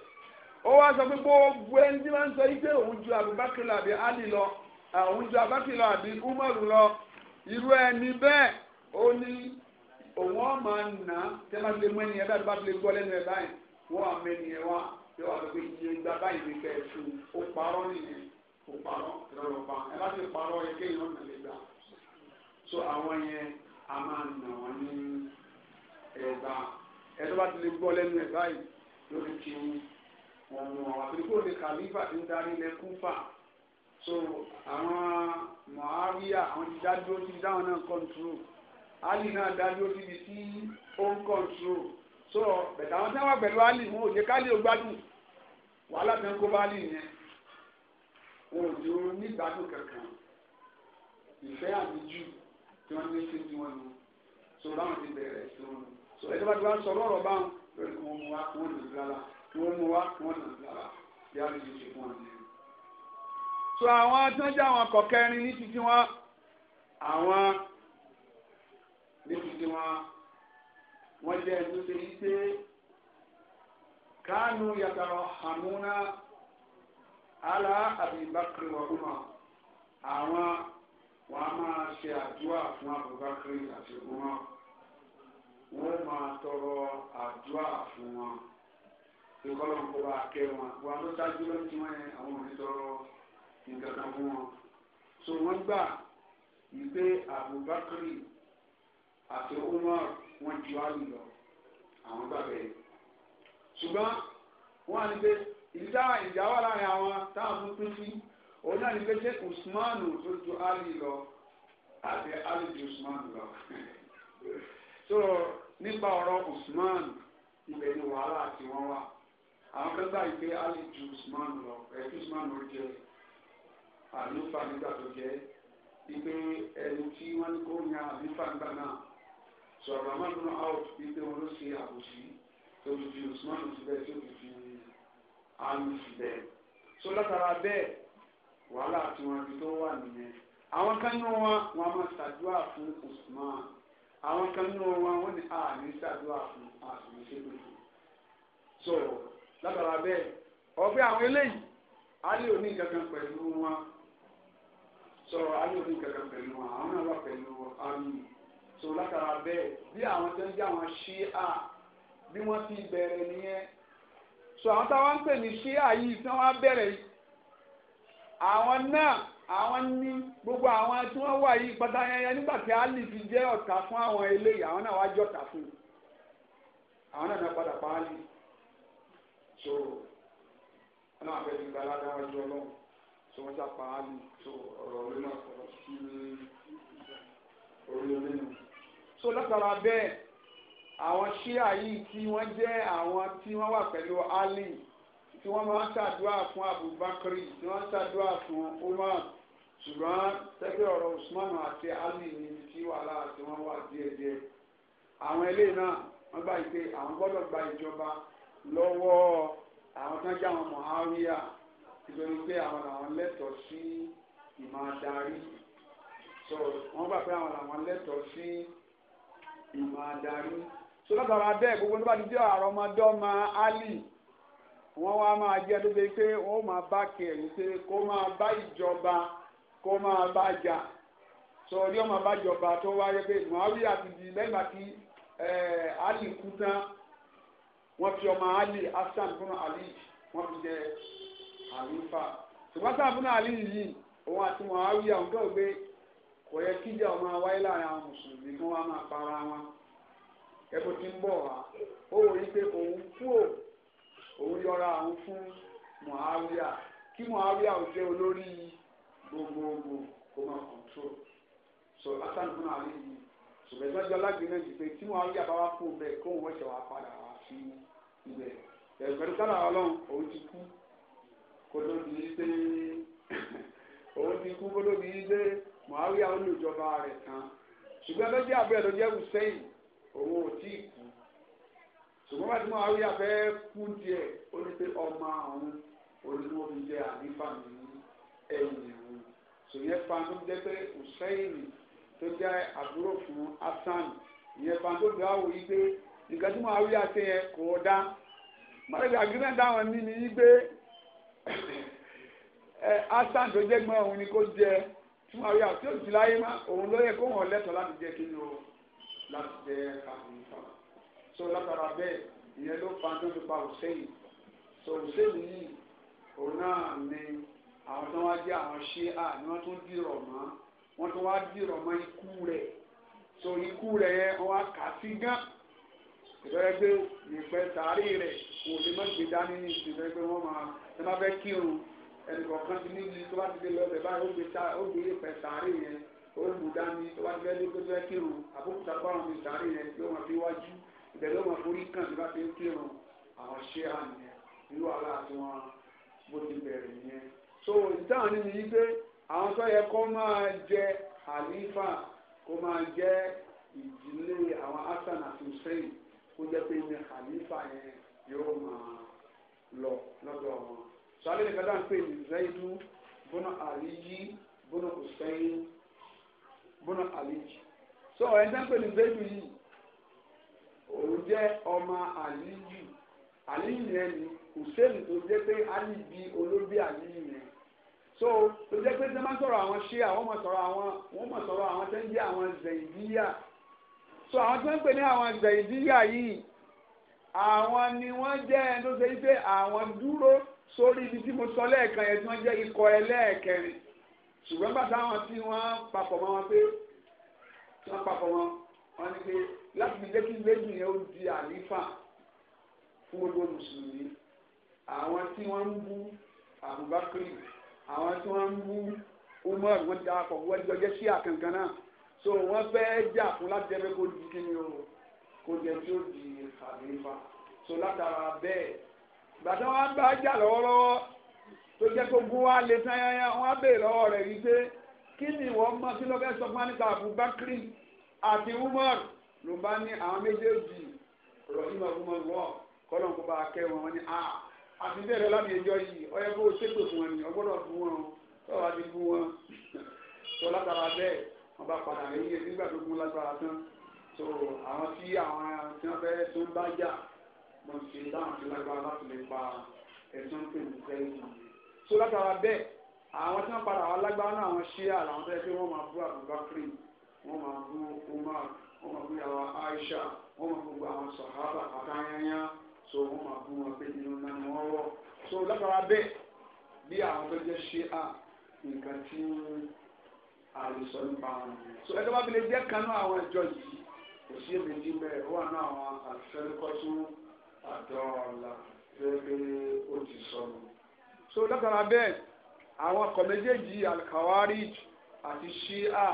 ó wá sọ pé gbogbo ẹni tí wọ́n sọ yìí pé òun ju Abubakar lọ àbí Ali lọ òun ju Abubakar lọ àbí lọ irú ẹni bẹ́ẹ̀ ó ní òun ọ̀ máa nà tẹ́ mú ẹni bá bá gbọ́ lẹ́nu ẹ̀ báyìí wọ́n wá wá pé iye gba a máa nà wọ́n ní ẹ̀bà ẹ̀dọ́ bá ti lè gbọ́ lẹ́nu ẹ̀ báyìí lórí kí wọ́n mú àwọn àbíkó lè kàlífà ti ń darí ilẹ̀ kúfà so àwọn mọ̀háríà àwọn ti dájú ti dáwọn náà kọ́ńtúrò ali náà dájú ó ti di sí ó ń kọ́ńtúrò so bẹ̀tẹ̀ àwọn tí wọ́n wà pẹ̀lú ali wọn ò jẹ́ kálí ò gbádùn wàhálà tí wọ́n kó bá ali yẹn wọn ò dúró nígbàdùn kankan ìfẹ́ àmì jù tí wọ́n ní ṣe tí wọ́n nu so báwọn ti bẹ̀rẹ̀ sí wọn nu so ẹni bá ti bá ń sọ lọ́rọ̀ báwọn lórí kí wọ́n mú wa kí wọ́n nà lára kí wọ́n mú wa kí wọ́n nà lára bí a lè ṣe ṣe fún wọn ní. so àwọn atánjá àwọn kọ̀kẹ́rin ní títí wọn àwọn ní títí wọn wọ́n jẹ́ ẹni tó ṣe yí pé kánú yàtọ̀ hàmúná alá àbí bákìrì wà fún àwọn wọn a máa ṣe àdúrà fún Abubakar àti Umar wọn máa tọrọ àdúrà fún wọn pé kọ́lọ̀ ń kó bá wọn wọn a lọ sáájú lọ́dún tí wọ́n yẹn àwọn òní tọrọ nǹkan kan fún wọn so wọ́n gbà wípé Abubakar àti Umar wọ́n ju àlù lọ àwọn gbàgbé ṣùgbọ́n wọ́n á ní pé ìdí táwọn ìjà wà láàrin àwọn táwọn fún pínpín. Ona náà ní usmanu tó ju ali lo, àti ali ju usmanu lo. so nípa ọ̀rọ̀ usmanu ibẹ̀ ni wàhálà àti wọn wà àwọn kan gbà pé ali ju usmanu lọ ẹ̀kú usmanu ló jẹ àlùfà nígbà tó jẹ ipe ẹni tí wọn ní kó yan àlùfà nígbà náà sọ̀rọ̀ amánú out ipe wọn ló ṣe àbòsí tó fi fi usmanu síbẹ̀ tó fi fi alu síbẹ̀ so látara bẹ́ẹ̀ wàhálà tí wọn fi tó wà nìyẹn àwọn kan nínú wọn wọn máa ṣàdúrà fún Usman àwọn kan nínú wọn wọn ní àní ṣàdúrà fún àtúnṣe ṣẹlẹ̀ so lábàrá bẹ́ẹ̀ ọbẹ àwọn eléyìí alẹ òní kankan pẹ̀lú wọn sọ̀rọ̀ alẹ òní kankan pẹ̀lú wọn àwọn náà wà pẹ̀lú àmì so látara bẹ́ẹ̀ bí àwọn tó ń jẹ àwọn ṣíà bí wọn ti bẹ̀rẹ̀ nìyẹn so àwọn táwọn ń pè ní ṣíà yìí tí wọn á yìí àwọn náà àwọn ní gbogbo àwọn tí wọ́n wà yìí pátá yẹn nígbà tí Ali fi jẹ́ ọ̀tá fún àwọn eléyìí àwọn náà wáá jọ̀tá fún àwọn náà náà padà pa á so wọn náà fẹ́ẹ́ fi gba aládàá ọjọ́ ọlọ́run so wọ́n sá pa so ọ̀rọ̀ orí náà ọ̀rọ̀ sí orí orí náà so látara bẹ́ẹ̀ àwọn ṣíà yìí tí wọ́n jẹ́ àwọn tí wọ́n wà pẹ̀lú Ali tí wọ́n máa ń ṣàdúrà fún Abubakar tí wọ́n ń ṣàdúrà fún Umar ṣùgbọ́n tẹ́gbẹ́ ọ̀rọ̀ Usman àti Ali ní tí wàhálà àti wọ́n wà díẹ̀díẹ̀ àwọn eléyìí náà wọ́n gbà pé àwọn gbọ́dọ̀ gba ìjọba lọ́wọ́ àwọn tó ń jẹ́ àwọn Muawiya ìgbẹ́ni pé àwọn làwọn lẹ́tọ̀ọ́ sí ìmáa darí so wọ́n gbà pé àwọn làwọn lẹ́tọ̀ọ́ sí ìmáa darí so lọ́tọ̀ọ̀rọ̀ abẹ́ gbogbo nígbà tí ó àrọ́mọdọ́ máa Ali. wọ́n wá máa jẹ́ tó ma pé wọ́n máa bá kẹ̀rù pé kó máa bá ìjọba kó máa bá jà sọ ní ọmọ bá jọba tó wáyé pé muhammed àti di lẹ́gbàá kí ali kú tán wọ́n fi ọmọ ali hasan fún ali wọ́n fi jẹ àlùfà ṣùgbọ́n sáà fún ali yìí òun àti muhammed àwọn tó gbé kò yẹ ọmọ wáyé láàrin àwọn mùsùlùmí máa para wọn ti ń bọ̀ wá ó wòye pé òun kú òun. òun yọra àwọn fún muhawiya kí muhawiya ò jẹ́ olórí gbogbogbò kó máa so hasan fún àwọn yìí ṣùgbọ́n ìgbàjọ́ alágbèéná ti pé tí muhawiya bá wá fún un bẹ́ẹ̀ kóun wọ́n ṣe wá padà wá sí ibẹ̀ ẹ̀gbẹ́ni kálá ọlọ́run òun ti kú kó ló di pé òun ti kú kó ló di muhawiya ó rẹ̀ tán ṣùgbọ́n ẹgbẹ́ ló jẹ́ ṣùgbọ́n bá ti mọ àwíyá fẹ́ kú díẹ̀ ó ní pé ọmọ àwọn olùwọ́bi jẹ́ àlífà ní ẹ̀yìn ìwọ̀n ṣòyẹn fa tó jẹ́ pé Hùsẹ́ìnì tó jẹ́ àbúrò fún Hasan ìyẹn fa tó gbà wò yí pé nǹkan tí mo àwíyá ṣe yẹn kò dá mọ̀lẹ́bí agreement àwọn mi ni yí pé Hasan tó jẹ́ gbọ́n òun ni kò jẹ tí mo àwíyá tí ó jù láyé má òun ló yẹ kó wọ́n lẹ́tọ̀ọ́ láti jẹ́ kí ni o láti jẹ́ káàkiri fáwọn so látara bẹ́ẹ̀ ìyẹn ló fa tó fi pa hussein so hussein yìí òun náà ni àwọn tó wá jẹ́ àwọn ṣíà ni wọ́n tún dìrọ̀ mọ́ wọ́n tún wá dìrọ̀ mọ́ ikú rẹ̀ so ikú rẹ̀ yẹn wọ́n wá kà á sí gán ìbẹ̀rẹ̀ pé ìpẹ́ sàárì rẹ̀ kò lè má gbé dání ní ìbẹ̀rẹ̀ pé wọ́n máa ẹ má fẹ́ kírun ẹnìkọ̀ọ̀kan ti níbi tó bá ti dé lọ́bẹ̀ báyìí ó gbé ìpẹ́ sàárì yẹn ó gbó dání tó bá ti fẹ́ dé tó fẹ́ kírun àbókùtà báwọn ti sàárì yẹn yóò máa fi wájú ìbẹ̀rẹ̀ wọn forí kàn tí wọ́n ti ń kírun àwọn ṣé àná nínú ara àti wọn bó ti bẹ̀rẹ̀ nìyẹn. so ìtàn ni yìí pé àwọn tó yẹ kó máa jẹ àlífà kó máa jẹ ìdílé àwọn Hasan àti Hussein kó jẹ pé ní àlífà yẹn yóò máa lọ lọ́dọ̀ wọn. sọ alẹ́ nìkan dáhùn pé ìzẹ́idú bọ́nà àríyí bọ́nà Hussein bọ́nà àlíjì. so ẹ̀ ń dáhùn pé ìzẹ́idú yìí òun jẹ́ ọmọ àlíyù àlíyù yẹn ni hussein tó jẹ́ pé alibi olóbi àlíyù yẹn so tó jẹ́ pé tí wọ́n sọ̀rọ̀ àwọn ṣíà wọ́n mọ̀ sọ̀rọ̀ àwọn wọ́n mọ̀ sọ̀rọ̀ àwọn tó àwọn zẹ̀yìdíyà so àwọn tó ń pè ní àwọn zẹ̀yìdíyà yìí àwọn ni wọ́n jẹ́ ẹni tó ṣe wípé àwọn dúró sórí ibi tí mo sọ lẹ́ẹ̀kan yẹn tí wọ́n jẹ́ ikọ̀ ẹlẹ́ẹ̀kẹrin ṣùgbọ́n bàtà àwọn tí wọ́n papọ̀ mọ́ wọn pé wọ́n papọ̀ wọn wọ́n pé láti fi jẹ́ kí méjì yẹn ó di àlífà fún gbogbo mùsùlùmí àwọn tí wọ́n ń bú Abubakar àwọn tí wọ́n ń bú Umar wọ́n da pọ̀ wọ́n jọ jẹ́ sí àkànkàn náà so wọ́n fẹ́ẹ́ jà fún láti jẹ́ pé kó di kí ni o kó jẹ́ tí ó di àlífà so látara bẹ́ẹ̀ gbàtà wọn bá jà lọ́wọ́lọ́wọ́ tó jẹ́ kó gún wa lè tán yányá wọn á lọ́wọ́ rẹ̀ yìí pé kí ni wọ́n mọ̀ sí lọ́fẹ́ sọ fún wa nípa Abubakar àti Umar ló bá ní àwọn méjèèjì rọ̀ ìmọ̀ fún lọ́ọ̀ kọ́lọ̀ kó bá a kẹ́ wọn wọn ni ah, a àti bẹ́ẹ̀rẹ̀ láti ẹjọ́ yìí ọyẹ kó o ṣépè fún wọn ni ọgbọ́dọ̀ fún wọn tọ́wọ́ àti fún wọn tó látara bẹ́ẹ̀ wọn bá padà rí iye nígbà tó kún lágbára tán tó àwọn tí àwọn tí wọn fẹ́ tó ń bá jà wọn ti dáhùn sí lágbára láti lè pa ẹ̀sùn pé mo fẹ́ yìí tó látara bẹ́ẹ̀ àwọn tí wọn padà wà lágbára náà àwọn ṣíà làwọn fẹ́ pé wọ́n máa bú àbúgbà kiri wọ́n máa bú Umar wọ́n máa bú àwọn Aisha wọ́n máa gbogbo àwọn sàhábà àtàyányá so wọ́n máa bú wọn pé nínú náà ni wọ́n so lábàrá bẹ́ẹ̀ bí àwọn tó jẹ́ ṣe à nǹkan tí àlùsọ nípa wọn so ẹjọ́ bá fi lè jẹ́ kanú àwọn ẹjọ́ yìí kò sí èmi tí bẹ́ẹ̀ ó wà àwọn àfẹ́rẹ́kọ́tù àdọ́ọ̀la pé ó ti sọnù so lábàrá bẹ́ẹ̀ àwọn ọkọ̀ méjèèjì alkawarij àti ṣíà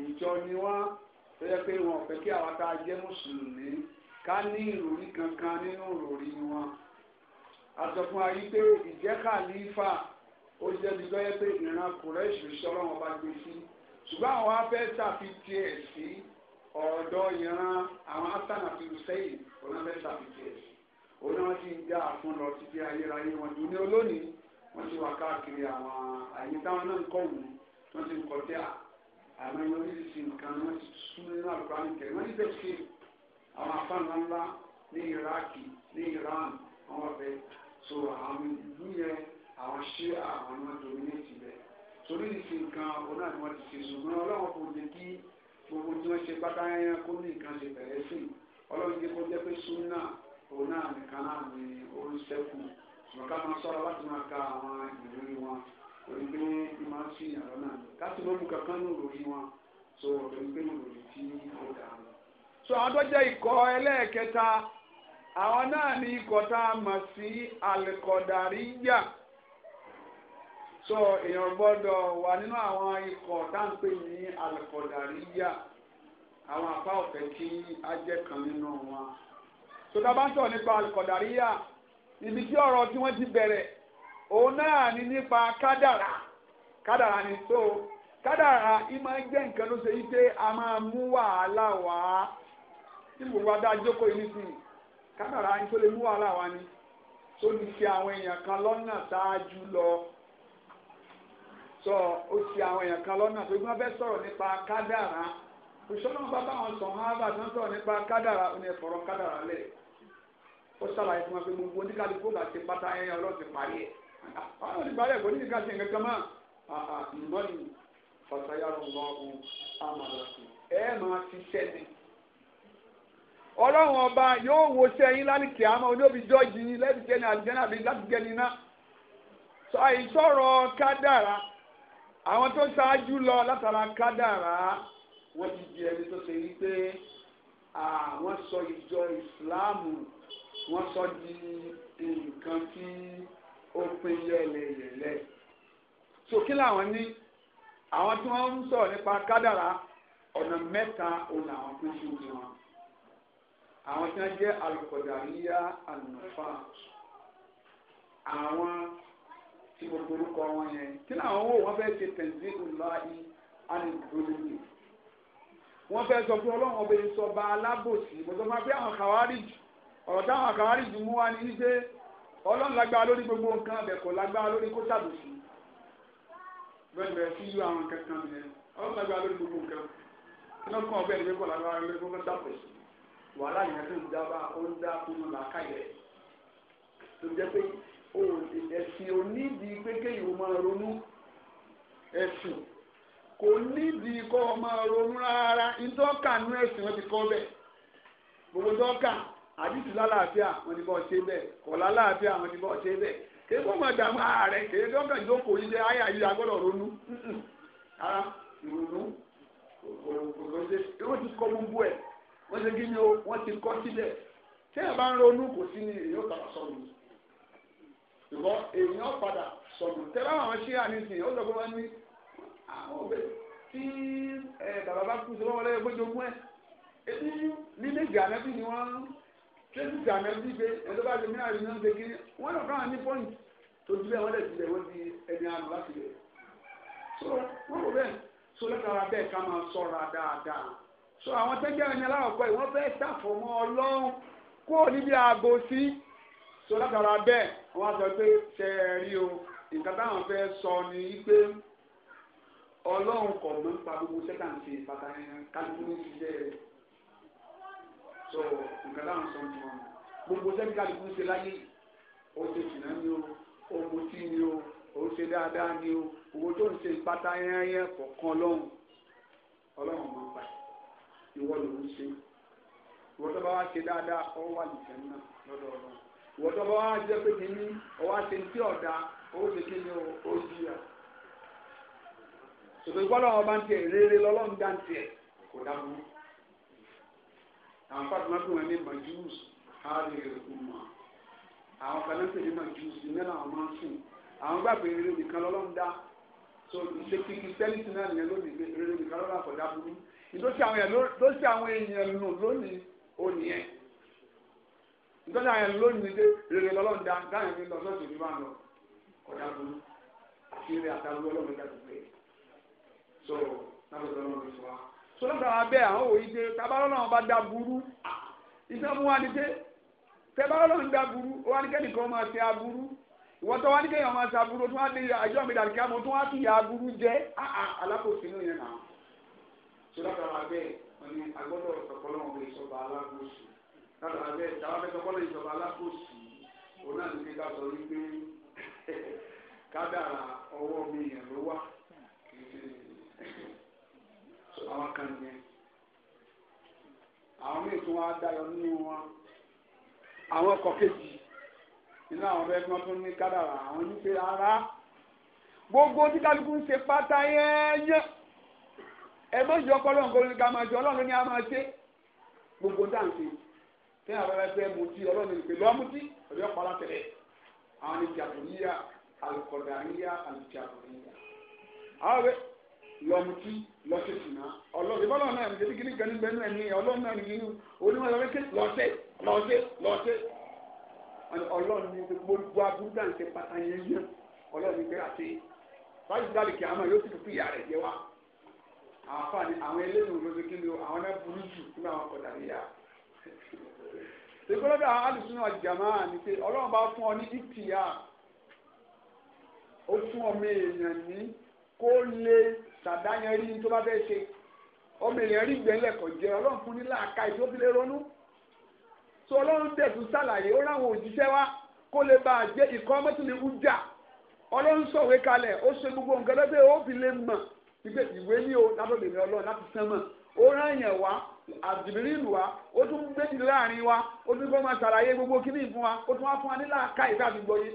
ìjọ ni wọ́n tó yẹ pé wọn fẹ́ kí àwọn tá a jẹ́ mùsùlùmí ká ní ìròrí kankan nínú ìròrí wọn a sọ fún wa yí pé ìjẹ́ kàlífà ó jẹ́ bí lọ́yẹ́ pé ìran kùrẹ́ṣì sọ́rọ́ wọn bá gbé sí ṣùgbọ́n àwọn afẹ́ ṣàfihàn ẹ̀ sí ọ̀dọ́ ìran àwọn asanafi sẹ́yìn òun afẹ́ ṣàfihàn ẹ̀ sí òun náà ti dá àfún lọ títí ayérayé wọn dùn ní olónìí wọ́n ti wà káàkiri àwọn àyè táwọn náà ń kọ́ wù wọ́n ti àwọn ẹni oríṣiríṣi nǹkan wọn ti sún nínú àlùkòrán kẹrin wọn níbẹ̀ ṣe àwọn afáàná ńlá ní iraki ní iran àwọn ọbẹ so àwọn ìlú yẹn àwọn ṣé àwọn ọmọ dominate bẹ torí ìṣe nǹkan ọ̀nà ni wọ́n ti ṣe ṣùgbọ́n ọlọ́wọ́n kò lè kí gbogbo tí wọ́n ṣe pátá yẹn kó ní nǹkan ṣe bẹ̀rẹ̀ sí ọlọ́run jẹ́ kó jẹ́ pé súnà ọ̀nà nìkan náà ni ó ń ṣẹ́kù ṣùgbọ́n ká máa sọ̀rọ̀ láti máa ka àwọn ìrírí wọn torí pé ní máa ń sí ìyàrá náà káṣí ló mú kankan ní òròyìn wọn so torí pé ní òròyìn tí ó dà á lọ. so àwọn tó jẹ́ ikọ̀ ẹlẹ́ẹ̀kẹta àwọn náà ní ikọ̀ tá a mọ̀ sí alikọ̀dàríyà so èèyàn gbọ́dọ̀ wà nínú àwọn ikọ̀ tá à ń pè ní alikọ̀dàríyà àwọn àpá ọ̀fẹ́ kí á kan nínú wọn. so tá a bá ń sọ̀rọ̀ nípa alikọ̀dàríyà ibi tí ọ̀rọ̀ tí wọ́n ti bẹ̀rẹ̀ òun náà ni nípa kádàrà kádàrà ni so kádàrà ìmọ̀ jẹ́ nǹkan ló ṣe a máa mú wàhálà wá tí gbogbo adájókòó yìí nìsín kádàrà ni tó lè mú wàhálà wá ni tó lè ṣe àwọn èèyàn kan lọ́nà ṣáájú lọ sọ ó ṣe àwọn èèyàn kan lọ́nà tó gbọ́n sọ̀rọ̀ nípa kádàrà òṣèlú sàn sọ̀rọ̀ nípa kádàrà ó ní kádàrà lẹ̀ ó ṣàlàyé fún pé gbogbo oníkàlùkù ti pátá parí ẹ̀ àwọn olùgbàlẹ̀ kò ní ìka ṣe nǹkan kan mọ́ àmọ́ni fàtàyàrá lọ́wọ́ àmàlàkù ẹ máa ti sẹ́ni. ọlọ́run ọba yóò wo sẹ́yìn lálùkì àmọ́ olóbi jọ́ọ̀jì yín lẹ́bi sẹ́ni àlùjẹ́nà àbí láti gẹ́ni náà. sọ àìsọ̀rọ̀ kádàrà. àwọn tó ṣáájú lọ látara kádàrà. wọ́n ti di ẹni tó ṣe rí pé àwọn sọ ìjọ ìsìláàmù wọ́n sọ di nǹkan tí. ó pín yẹ́lẹyẹ̀lẹ. sòkí làwọn ní àwọn tí wọ́n ń sọ̀rọ̀ nípa kádàrá ọ̀nà mẹ́ta òun làwọn pín sí ojú wọn. àwọn tí wọ́n jẹ́ alùpàdàríyá àlùfà àwọn tí mo forúkọ wọn yẹn kí làwọn wò wọ́n fẹ́ẹ́ ṣe tẹ̀sí ìlọ́ọ̀ì alùpùpù wọ́n fẹ́ẹ́ sọ fún ọlọ́run ọbẹ̀ ìsọba alábòsí mo sọ fún wa pé àwọn kàwárìjì ọ̀rọ̀ táwọn kàwárìjì mú wa ní í ṣe ọlọ́run lágbára lórí gbogbo nǹkan abẹ kò lágbára lórí kó ṣàbòsí bẹ́ẹ̀ bẹ́ẹ̀ sí yíyọ àwọn nǹkan kan nìyẹn ọlọ́run lágbára lórí gbogbo nǹkan kí ló kàn ọbẹ̀ nígbà kó lágbára lórí kó ṣàbòsí wàhálà yẹn tó ń dábà ó ń dá fún un làákàyè tó ń jẹ́ pé ẹ̀sìn onídìí pé kéèyàn máa ronú ẹ̀sìn kò nídìí kọ́ máa ronú rárá ìtọ́kànú ẹ̀sìn wọn ti kọ́ bẹ́ẹ̀ gbogbo tọ́kàn àdìsù lálàáfíà wọn ni bọ́ ṣe bẹ́ẹ̀ kọ̀ lálàáfíà wọn ni bọ́ ṣe bẹ́ẹ̀ kéé kó máa dààmú ara rẹ̀ kéé kó kàn jókòó yìí lẹ́ ayé àyè agbọ́dọ̀ ronú ara ìrònú òkòlóṣe wọ́n ti kọ́ gbogbo ẹ̀ wọ́n ṣe kí ni o wọ́n ti kọ́ sílẹ̀ tí ẹ̀ bá ń ronú kò sí ni èyí ó padà sọnù ìbọn èyí ó padà sọnù tẹ́lá àwọn ṣé àníṣe ó sọ pé wọ́n ní àwọn òbẹ tí bàbá bá kú sí lọ́wọ́ lẹ́yìn gbójú ogún ẹ̀ èyí nílé ìgbà náà facebook àmẹ́bí pé ẹ̀dọ́ bá ṣe mí àrí náà ṣe kiri wọ́n lọ káwọn ní point tó dúlẹ̀ wọ́n lẹ̀ sílẹ̀ wọ́n di ẹni àná láti lẹ̀ so wọ́n kò bẹ́ẹ̀ so lẹ́tara bẹ́ẹ̀ ká máa sọ̀ra dáadáa so àwọn tẹ́jẹ́ ẹni aláwọ̀pọ̀ yìí wọ́n fẹ́ ṣàfọ̀mọ́ ọlọ́run kó o níbi aago sí so lẹ́tara bẹ́ẹ̀ wọ́n á sọ pé ṣe é rí o nǹkan táwọn fẹ́ sọ ni pé ọlọ́run kọ̀ mọ́ nípa gbogbo sẹ́kàǹtì pàtàkì kálukú ní ìṣiṣẹ́ rẹ̀ so nǹkan láwọn sọ fún wọn gbogbo sẹ́ni kálukú ṣe láyé ó ṣe jìnnà ni o ó mutí ni o ó ṣe dáadáa ni o owó tó ń ṣe pátá yẹ́nyẹ́ kọ̀ọ̀kan lọ́hùn ọlọ́run máa pa ìwọ ló ń ṣe ìwọ tó bá wá ṣe dáadáa ọ wà nìkan náà lọ́dọ̀ ọlọ́run ìwọ tó bá wá jẹ́ pé kìíní ọwọ́ àti ntí ọ̀dà ó ṣe kí ni ó jìyà ṣùgbọ́n ìgbọ́dọ̀ ọba ń tiẹ̀ rere lọ́lọ́run dá ń tiẹ̀ kò dá burú àwọn Fatima fún wọn ní majus hali ìrìnkùnmọ àwọn kan náà tẹ̀lé majus ìyẹn náà wọn máa ń sìn àwọn gbàgbé rere nìkan lọ́lọ́run dá so ìṣe kìrìsìtẹ́lìtì náà nìyẹn lónìí rere nìkan lọ́lọ́run àfọ̀dá burú ìdóṣì àwọn èèyàn lóṣì àwọn èèyàn nù lónìí ó nìyẹn ìdóṣì àwọn èèyàn lónìí dé rere lọ́lọ́run dá dáhùn mi lọ sọ́ọ̀tì mi máa lọ ọ̀dà burú àti rere àtàlù ọlọ́run dá gbogbo so náà lọ́dọ̀ ọlọ́run ti wá sọ́dọ̀ abẹ́ àwọn òye pé tabalọ́ náà bá da burú ìsọ́mú ah, wa ni pé tẹ́balọ́ náà ń da burú wa ni kẹ́nìkan máa ṣe aburú ìwọ́tọ́ wa ni kẹ́yìn máa ṣe aburú tí wọ́n á di àjọ mi dàrí káàmù o wọ́n á fi ya aburú jẹ́ ah, ah, alákòóso inú yẹn náà sọ́dọ̀ abẹ́ wọn ni agbọ́dọ̀ sọ̀kọ́lọ́ wọn ìṣọba alákòóso sọ́dọ̀ abẹ́ táwọn fẹ́ sọ̀kọ́lọ́ ìṣọba alákòóso òun náà ní ká sọ wípé kádàrà ọwọ́ mi yẹn ló wà àwọn kan yẹn àwọn míì tún wá dayọ nínú wọn àwọn ọkọ kejì nínú àwọn ọbẹ tí wọn tún ní kádàrà àwọn nípe ara gbogbo tí kálukú ń ṣe pátá yẹn ẹ mọ ìjọ ọpọlọ nǹkan ní ká máa jọ Ọlọ́run ní a máa ṣe gbogbo dáǹtì tí àwọn ọbẹ fẹ́ mutí Ọlọ́run ní pẹ̀lú ọmútí ọbẹ ọpọlọ tẹ́lẹ̀ àwọn ní jàdùn yíyá alùpùpù àríyá alùpùpù àríyá àwọn lọ́mùtí lọ́sẹ̀sìnà ọlọ́dẹ bọ́lá náà ń débi kíní kan gbẹ́nu ẹni ọlọ́run náà nìyí onímọ̀ lọ́sẹ̀ lọ́sẹ̀ lọ́sẹ̀ lọ́sẹ̀ ọlọ́run ní gbogbo aburú dáǹtẹ̀ pátá yẹn yẹn ọlọ́run ní pé àti báyìí dáàbì kí a máa yóò sì fi ìyá rẹ̀ jẹ wá àǹfààní àwọn eléyìí olóṣè kí ni o àwọn náà burú jù nínú àwọn ọ̀dà níyà ìgbọ́lọ́dọ̀ àwọn alùsùnà jàmá ni pé ọlọ́run bá fún ọ ní dìtìyà ó fún ọmọ èèyàn ní kó lé sàdáyẹn rí tó bá fẹ́ ṣe ọmọ èèyàn rí ìgbẹ́lẹ̀ kọ̀ jẹ́ ọlọ́run fún ní làákà ìdí ó fi lè ronú tó ọlọ́run tẹ̀sùn sàlàyé ó ráwọn òjíṣẹ́ wá kó lè bá a jẹ́ ìkọ́ mọ́tòlè wújà ọlọ́run sọ̀wé kalẹ̀ ó ṣe gbogbo nǹkan lọ́pẹ́ ó fi lè mọ̀ ìgbé ìwé ní o látọ̀lè ní ọlọ́run láti sán mọ̀ ó ráyàn wá àdìbírí ìlú ó tún gbéjì láàrin wa ó tún kọ́ máa sàlàyé gbogbo kíní ìfún wa ó tún wá fún wa ní làákà ìdá àdìgbọ́yé.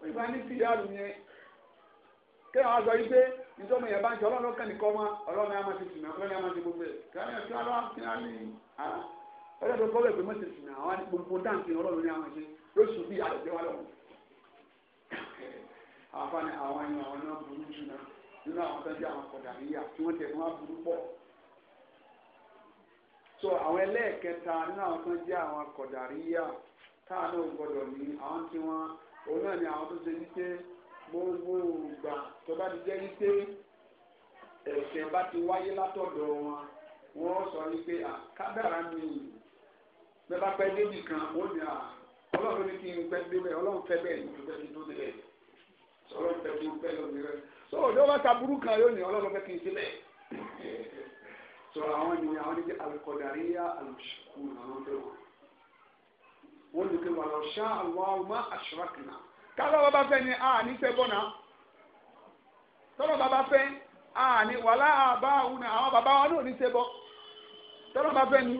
ó ì kéèyàn wá sọ yí pé nítorí yẹn bá ń ṣe ọlọ́run kàn nìkan mọ́ ọlọ́run yẹn máa ti ọlọ́run na máa gbogbo ẹ̀ ọrụ kí wọ́n á kí wọ́n á ní ah, àwọn gbogbo dáǹtì ọlọ́run yẹn lóṣù bí àlejò lọ́wọ́. àwọn àwọn ẹni àwọn náà burú jù náà nínú àwọn àwọn kọ̀dà níyà tí wọ́n tẹ̀ burú gbogbo ìgbà tó bá ti jẹ́ wípé ẹ̀ṣẹ̀ bá ti wáyé látọ̀dọ̀ wọn wọ́n sọ wípé àkádàrá mi bẹ́ẹ̀ bá pẹ́ débi kan ó ní à ọlọ́run ní kí n pẹ́ débẹ̀ ọlọ́run fẹ́ bẹ́ẹ̀ ní kí n pẹ́ tó débẹ̀ ọlọ́run fẹ́ kí n pẹ́ lọ́mí rẹ̀ so ọ̀dọ́ bá ta burú kan yóò ní ọlọ́run fẹ́ kí n sílẹ̀ so àwọn ènìyàn àwọn ènìyàn alukọ̀dàríyà alùsùkù làwọn fẹ́ wọn wọ́n ní kí wàlọ́ ṣá kálọ́wọ́ bá fẹ́ ni àní fẹ́ bọ́nà tọ́lọ́ba bá fẹ́ àní wàlá àbá àwùnà àwọn bàbá wa náà ní ṣe bọ́ tọ́lọ́ba fẹ́ ni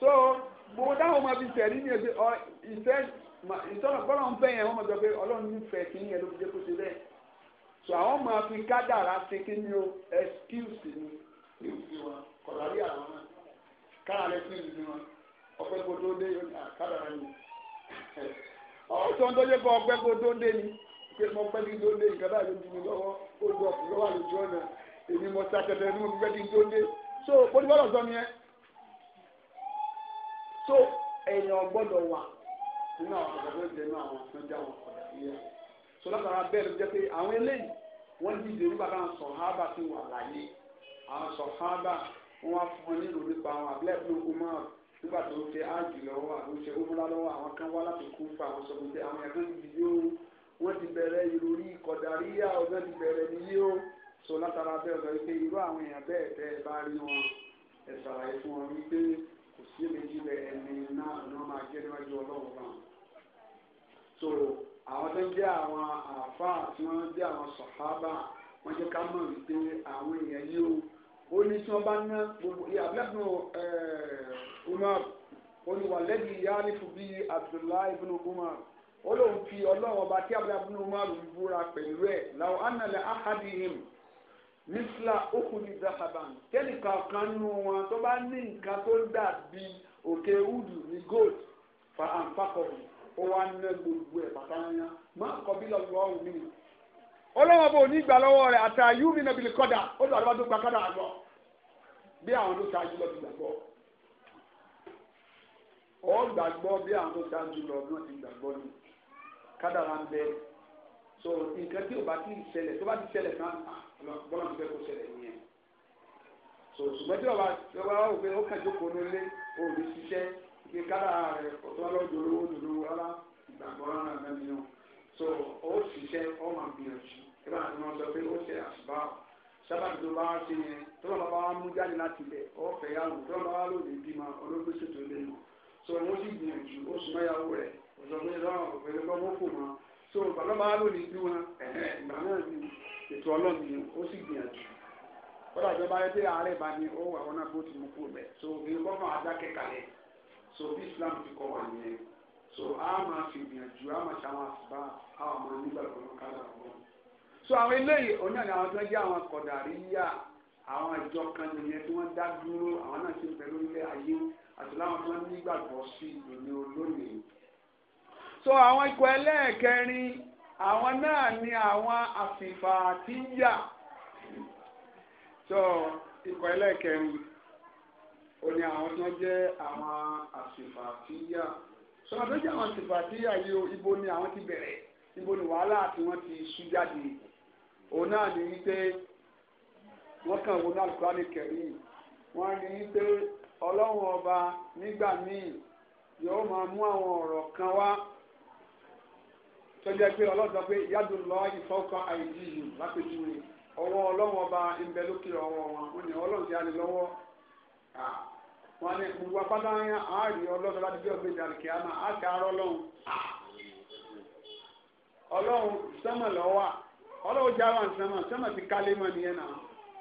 so gbogbo dáhùn ọmọ fi tẹ̀lé ní ẹgbẹ́ ọ ìfẹ́ ìtọ́lọ́gbọ́lọ́ ń fẹ́ yẹn wọ́n mọ̀ sọ pé ọlọ́run nífẹ̀ẹ́ kí yẹn ló fi jẹ́ kó ṣe bẹ́ẹ̀ so àwọn ọmọ fi kádàrá ṣe kí ni o excuse ni kọ̀lárí àwọn fún wọn dé yóò ní ọ̀sán tó yẹ kọ́ ọpẹ́ kó tó dé ni pé mo pẹ́ kí tó dé nǹkan báyìí ló di mi lọ́wọ́ ó lọ lọ́wọ́ àlejò ọ̀nà èmi mo sa kẹtẹ ní mo pẹ́ kí tó dé so polúbọ́lọ̀ sọ mi yẹn so èèyàn gbọ́dọ̀ wà nínú àwọn ọ̀gá tó jẹ́ nínú àwọn tó jẹ́ àwọn ọ̀gá yẹn so látara bẹ́ẹ̀ ló jẹ́ pé àwọn eléyìí wọ́n dìde nígbà táwọn sọ̀hábà ti wà láyé àwọn sọ̀hábà wọ́n á fún wọn nílùú nípa àwọn àbílẹ̀ fún okùn márùn nígbà tó ń ṣe áàjù lọ́wọ́ àwọn ṣe ómúlá lọ́wọ́ àwọn kan wá láti kú fún àwọn sọ pé àwọn ẹ̀dọ́ ti yó wọ́n ti bẹ̀rẹ̀ ìròrí kọ̀dáríyà ọ̀dọ́ ti bẹ̀rẹ̀ nílé ó so látara bẹ́ẹ̀ lọ wípé irú àwọn èèyàn bẹ́ẹ̀ tẹ́ ẹ bá rí wọn ẹ ṣàlàyé fún wọn wípé kò sí èméjì rẹ ẹni náà ni wọ́n máa jẹ́ níwájú ọlọ́run náà so àwọn tó ń jẹ́ àwọn àáfàá tí wọ́n jẹ́ àwọn sàhábà wọ́n jẹ́ ká mọ̀ wípé àwọn èèyàn yìí ó ní tí wọ́n bá ná gbogbo abúlẹ́bùnú eh, umar ó ní wàlẹ́bí yáàlífù bí abdullahi ibn umar ó lóun fi ọlọ́run ọba tí abúlẹ́bùnú umar ń búra pẹ̀lú ẹ̀ làwọn ànàlẹ́ ahadihim nísìlá okùnì zahaban kẹ́nìkan kan nù wọn tó bá ní nǹkan tó dàbí òkè udu ní gold fa àǹfàkọ̀rọ̀ ó wá ná gbogbo ẹ̀ pàtàkì máa kọ́ bí lọ́wọ́ ọ̀hún mi ọlọ́wọ́ bò ní ìgbà lọ́wọ́ rẹ̀ àtàyùmí nàbìlì kọ́dà ó dàbí wàá tó gba kọ́dà àgbọ̀ bí àwọn tó ṣáájú lọ ti gbàgbọ́ ọ gbàgbọ́ bí àwọn tó ṣáájú lọ náà ti gbàgbọ́ ni kádàrá ń bẹ so nǹkan tí o bá ti ṣẹlẹ̀ tó bá ti ṣẹlẹ̀ kan bọ́lá ah, ti fẹ́ kó ṣẹlẹ̀ nìyẹn so ṣùgbọ́n tí ọba ọba wò pé ó kàn jókòó nílé o ò ní ṣiṣẹ́ kí kádàrá rẹ ọ̀tọ́ lọ́dọ̀ olówó dòdò rárá ìgbàgbọ́ rárá mẹ́rin náà so ó ṣiṣẹ́ ọ máa gbìyànjú ẹ bá àti wọn sọ pé ó ṣe àṣùbà ọ̀ sábàbí tó bá wá sí yẹn tọ́lọ́ bá wá mú jáde láti bẹ̀ ọ̀fẹ́ yàwó tọ́lọ́ bá wá lòdì bímọ olóògbésè tó lé wọn so wọ́n sì gbìyànjú ó sùn mọ́yàwó rẹ̀ ọ̀sọ̀gbìn lọ́wọ́ òfin lọ́wọ́ fò wọn so bàbá bá wá lòdì bí wọn ìgbà náà ni ètò ọlọ́ọ̀ni ó sì gbìyànjú kọ́dà tó bá yẹ pé àárẹ̀ bá ní ó wà wọn náà bó ti mú kú bẹ̀ so ìgbọ́n fún adákẹ́ kalẹ̀ so bí Islam ti kọ́ wà nìyẹn so a máa fi gbìyànjú a máa ṣe àwọn àṣìbá àwọn ọmọ nígbà tó ń kára ọ̀gbọ́n so àwọn eléyìí òun náà ni àwọn tó ń jẹ́ àwọn kọ̀dàríyà àwọn ìjọ kan nìyẹn tí wọ́n dá dúró àwọn náà ti bẹ̀rù ilé ayé àti láwọn tó ń nígbàgbọ́ sí ìlú olónìí. so àwọn ikọ̀ ẹlẹ́ẹ̀kẹrin àwọn náà ni àwọn àfìfà àti yà so ikọ̀ ẹlẹ́ẹ̀kẹrin ó ní àwọn tó ń jẹ́ àwọn àfìfà àti yà sọ̀rọ̀ tó jẹ́ àwọn àfìfà àti yà yìí ibo ni àwọn ti bẹ̀rẹ̀ ibo ni wàhálà tí wọ́n ti sú jáde. òun náà ní í pé wọ́n kàn wọ́n náà kọ́ ní kẹ̀rí wọ́n ní pé ọlọ́run ọba nígbà míì yóò máa mú àwọn ọ̀rọ̀ kan wá tó jẹ́ pé pé yádùn lọ ìfọ́kọ ọba ìbẹ̀ ọwọ́ wọn ọlọ́run ti lọ́wọ́ gbogbo apáta láti bí ọgbẹ́ ìdàrí náà arọ́ ọlọ́run ọlọ́wọ́ ti àwọn sẹ́mà sẹ́mà ti kálé mọ́ nìyẹn náà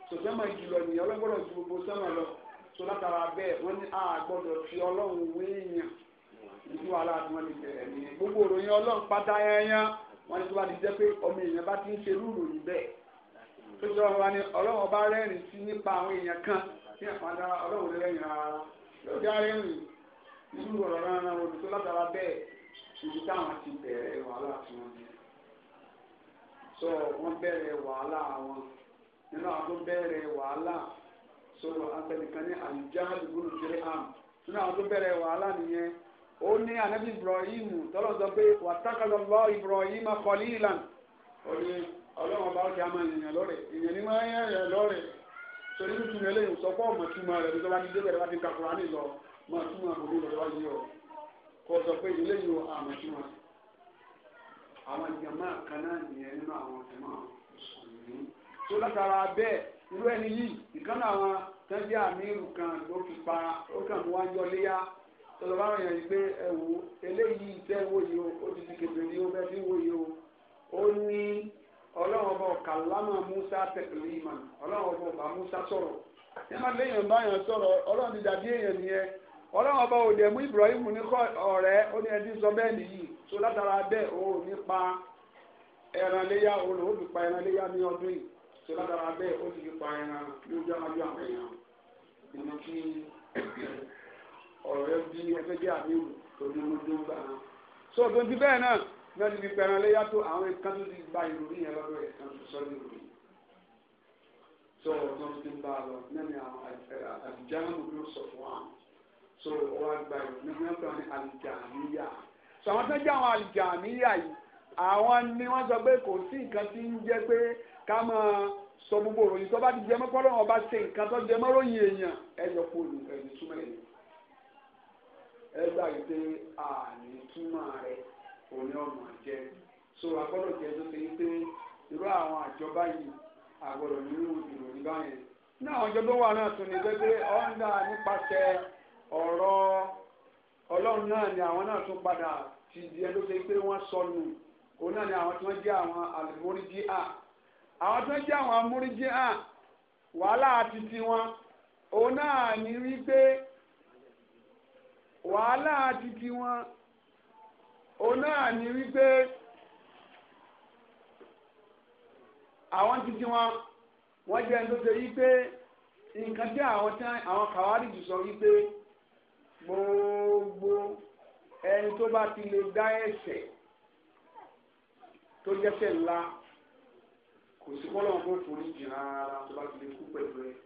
tó sẹ́mà jùlọ nìyẹn ọlọ́gbọ́dọ̀ ju gbogbo sẹ́mà lọ tó látara bẹ́ẹ̀ wọ́n ní àgbọ̀dọ̀ ti ọlọ́run ti bẹ̀rẹ̀ nìyẹn gbogbo òròyìn ọlọ́run pátá jẹ́ pé ọmọ èèyàn bá ti ń ṣe lúrò yìí bẹ́ẹ̀ tó wa ni ọlọ́run bá rẹ́rìn kan tí so wọ́n bẹ̀rẹ̀ wàhálà àwọn nínú àwọn tó bẹ̀rẹ̀ wàhálà so àtẹnìkan ní àlùjáàlù gbọ́dọ̀ jẹ́ àm nínú àwọn tó bẹ̀rẹ̀ wàhálà nìyẹn ó ní anabi ibrahim tọ́lọ̀ sọ pé wàtàkàlọ́ lọ ibrahim kọ́lí ìlàn ó ní ọlọ́run ọba ọjà máa yìnyín lọ́rẹ̀ ìyẹn ní máa yẹ̀ yẹ̀ lọ́rẹ̀ torí tuntun yẹn lẹ́yìn sọ pé ọmọ túmọ̀ rẹ̀ nígbà tí débẹ̀rẹ̀ bá ti kakura nílọ máa túmọ̀ àbúrò rẹ̀ wáyé ọ kó sọ pé ìlẹ́yìn àmọ̀ túmọ̀ rẹ̀. àwọn jama kanáà náà nìyẹn nínú àwọn jama mùsùlùmí tó látara bẹ́ẹ̀ irú ẹni yìí ìkànnì àwọn tẹ́jú àmírù kan ló fi pa ó kàn mú wájọ léyà pé eléyìí tẹ́ wò yìí o ó ti di kébè ní o bẹ́ẹ̀ wò yìí o ó ní ọlọ́run ọba kàlámà Musa tẹ̀lé ìmọ̀ ọlọ́run ọba Musa sọ̀rọ̀ ẹ má sọ̀rọ̀ ọlọ́run ti dàbí èèyàn ọlọ́run ọba òde mú Ibrahim ní ọ̀rẹ́ ó ní ẹni sọ bẹ́ẹ̀ nìyí tó látara bẹ́ẹ̀ òun nípa ẹran léyà òun lòun fi pa ẹran léyà ní ọdún yìí tó látara bẹ́ẹ̀ ó sì fi pa ẹran ní ojú àwọn àwọn èèyàn nínú kí ọ̀rẹ́ bí ẹgbẹ́ jẹ́ àbíwò tó ní ojú gbà á. so tó ti bẹ́ẹ̀ náà náà ti fi pa ẹran léyà tó àwọn kan tó ti gba ìròyìn yẹn lọ́dọ̀ ẹ̀ kan tó sọ ní so tó ti ń bá a lọ nẹ́ni àwọn àtijọ́ àwọn so ọrụ gba ìròyìn náà wọ́n pè wọ́n ní alìjàmíyà so àwọn tó ń jẹ́ àwọn alìjàmíyà yìí àwọn ni wọ́n sọ pé kò sí nǹkan tí ń jẹ pé ká sọ gbogbo òròyìn tó bá ti jẹ mọ́kọ́ lọ́wọ́ bá ṣe nǹkan tó jẹ mọ́ròyìn èèyàn ẹ kó lu túmọ̀ ẹ gbà yìí pé àní túmọ̀ rẹ òní jẹ so jẹ tó ṣe pé irú àwọn àjọba yìí àgbọ̀dọ̀ nínú ìròyìn báyẹn àwọn ìjọba wà náà tún ní ọ̀rọ̀ ọlọ́run náà ni àwọn náà tún padà ti di ẹni tó ṣe pé wọ́n sọnù òun náà ni àwọn tí wọ́n jẹ́ àwọn àlùmọ́ríjìá àwọn tí wọ́n jẹ́ àwọn amúríjìá wàhálà àti tiwọn òun náà ní wípé wàhálà àti tiwọn òun náà ní wípé àwọn titi wọn wọ́n jẹ́ ẹni tó ṣe wípé nǹkan tí àwọn kàwárí jù sọ wípé. gbogbo ẹni tó bá ti lè dá ẹ̀ṣẹ̀ tó jẹ́ṣẹ̀ ńlá kò sí kọ́lọ́ ọ̀gbọ́n forí jì rárá tó bá ti lè kú pẹ̀lú ẹ̀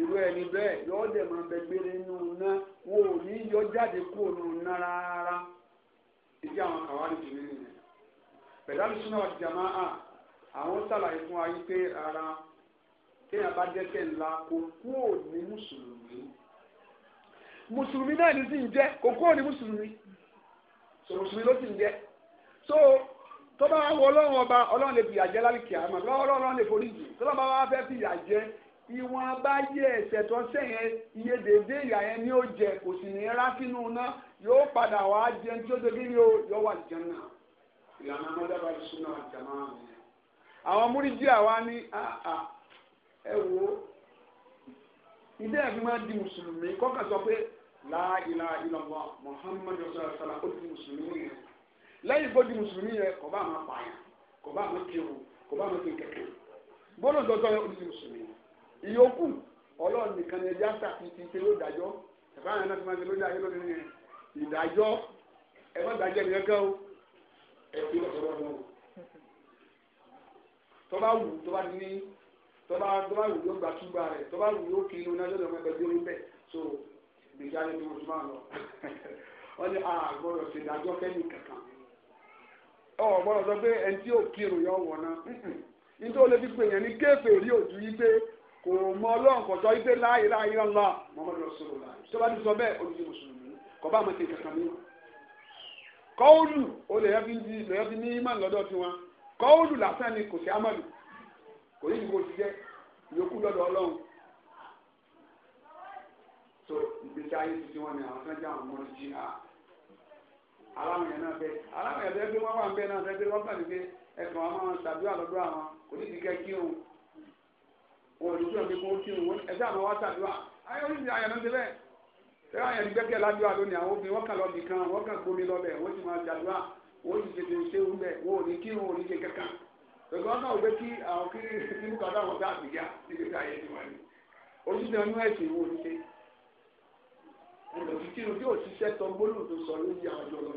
irú ẹni bẹ́ẹ̀ yọ́ọ́ dẹ̀ máa bẹ gbére nínú iná wọn ò ní yọ jáde kúrò nínú iná rárá ìdí àwọn kàwárí jù nínú ẹ̀ pẹ̀lú súnà wà jàmá à àwọn sàlàyé fún wa yí pé ara téèyàn bá dẹ́ṣẹ̀ ńlá kò kúrò ní mùsùlùmí mùsùlùmí náà ní sì ń jẹ́ kò kúrò mùsùlùmí so mùsùlùmí ló sì ń jẹ́ so tó bá wọ ọlọ́run ọba ọlọ́run lè fi ìyà jẹ lálùkì àmọ́ lọ́wọ́ ọlọ́run lè forí jì tó bá wá fẹ́ fi ìyà jẹ ìwọ̀n bá yẹ tó sẹ́yìn iye dédé ìyà yẹn ni ó jẹ kò sì ní rá sínú náà yóò padà wá jẹ tí ó dégé ní yóò wà jẹ náà ìlànà mọ́tàbà ìṣúná àjàmá àwọn múrídìí àwa ní ẹ wo ilé ẹ̀mí máa di mùsùlùmí kọ́kà sọ pé la ilaha illallah muhammadu sallallahu alaihi wasallam ó di mùsùlùmí yẹn lẹ́yìn bó di mùsùlùmí yẹn kò bá máa pààyàn kò bá máa kéwù kò bá máa fi kẹ̀kẹ́ bọ́lá òdòdó yẹn ó di mùsùlùmí ìyókù ọlọ́run nìkan ni ẹja sàkí ti ṣe yóò dájọ́ ẹ̀fọ́ àwọn ẹ̀nà ti máa ṣe lójú ayé lónìí yẹn ìdájọ́ ẹ̀fọ́ ìdájọ́ tọ́ba tọ́ba wù yóò gba túbà rẹ̀ tọ́ba wù yóò kiri iná lọ́dọ̀ mọ́ ẹgbẹ́ gbórí bẹ́ẹ̀ so gbèjà ni tí wọ́n ti máa lọ wọ́n ní àgbọ̀dọ̀ ṣe ìdájọ́ kẹ́yìn kankan ọ̀ gbọ́dọ̀ sọ pé ẹni tí yóò kírun yọ wọ̀ náà nítorí olè fi pè yẹn ní kéèpè rí òjú yí pé kò mọ ọlọ́run kò sọ yí pé láàyè láàyè lọ́la mọ́mọ́dé lọ sọ̀rọ̀ láàyè tó bá ti sọ bẹ́ẹ̀ olùdí mùsùlùmí kò bá àmọ́tẹ́ kankan mi kọ́ọ̀lù olè yẹn fi ní ìmọ̀ lọ́dọ̀ tiwọn kọ́ọ̀lù lásán ni kò sí amọ̀lù kò ní ìdìbò ti jẹ́ ìyókù lọ́dọ̀ ọlọ́run so ìgbésí ayé tuntun wọn ni àwọn fẹ́ẹ́ jẹ́ àwọn ọmọdé jí náà ah, aláwọn yẹn náà bẹ aláwọn yẹn bẹ gbé wọn wà ń bẹ náà bẹ gbé wọn bá mi gbé ẹkàn wọn máa ṣàdúrà lọ́dọ̀ àwọn kò ní ìdíkẹ́ kí òun wọn ò ní kí òun kí òun kí òun ẹ̀dá àwọn wá ṣàdúrà ayé oríṣi ayé náà ti bẹ́ẹ̀ tẹ́lá yẹn gbẹ́kẹ̀ ládùúgbò lónìí àwọn obìnrin wọ́n kàn lọ́ọ̀dì kan wọ́n kàn gbomi lọ́bẹ̀ wọ́n sì máa ṣàdúrà wọ́n sì ṣètò ìṣe pẹ̀lú ọ̀nà òwe kí àwọn kí nínú kan láwọn bá àbíyá níbi tí ayé ti wà ní. ojúṣe ọ̀nà ẹ̀sìn wo ni ṣe. ọ̀nà títí ní yóò ṣiṣẹ́ tán gbólóhùn tó sọ lórí àwọn ọjọ́ lọ.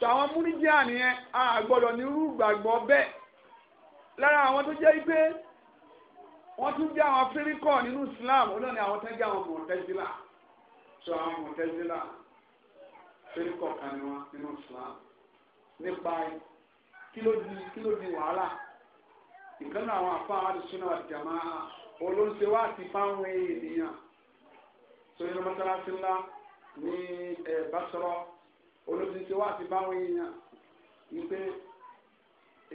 sọ àwọn múnijẹ́ àníyẹn a gbọ́dọ̀ ní irú gbàgbọ́ bẹ́ẹ̀. lára àwọn tó jẹ́ pé wọ́n tún jẹ́ àwọn afíríkọ̀ nínú Islam olóòn ni àwọn tó jẹ́ àwọn mọ̀tẹ́sílà sọ àwọn mọ̀tẹ́sílà afíríkọ̀ kan ni wọ́n nínú Islam nípa kilo di kilo di wàhálà nǹkan náà àwọn afá àdìsúná àdìjàmá olóńṣe wá ti fáwọn ènìyàn sọyìn mọ́sálásí ńlá ní ẹ̀ Basra olóńṣe wá ti fáwọn èèyàn wípé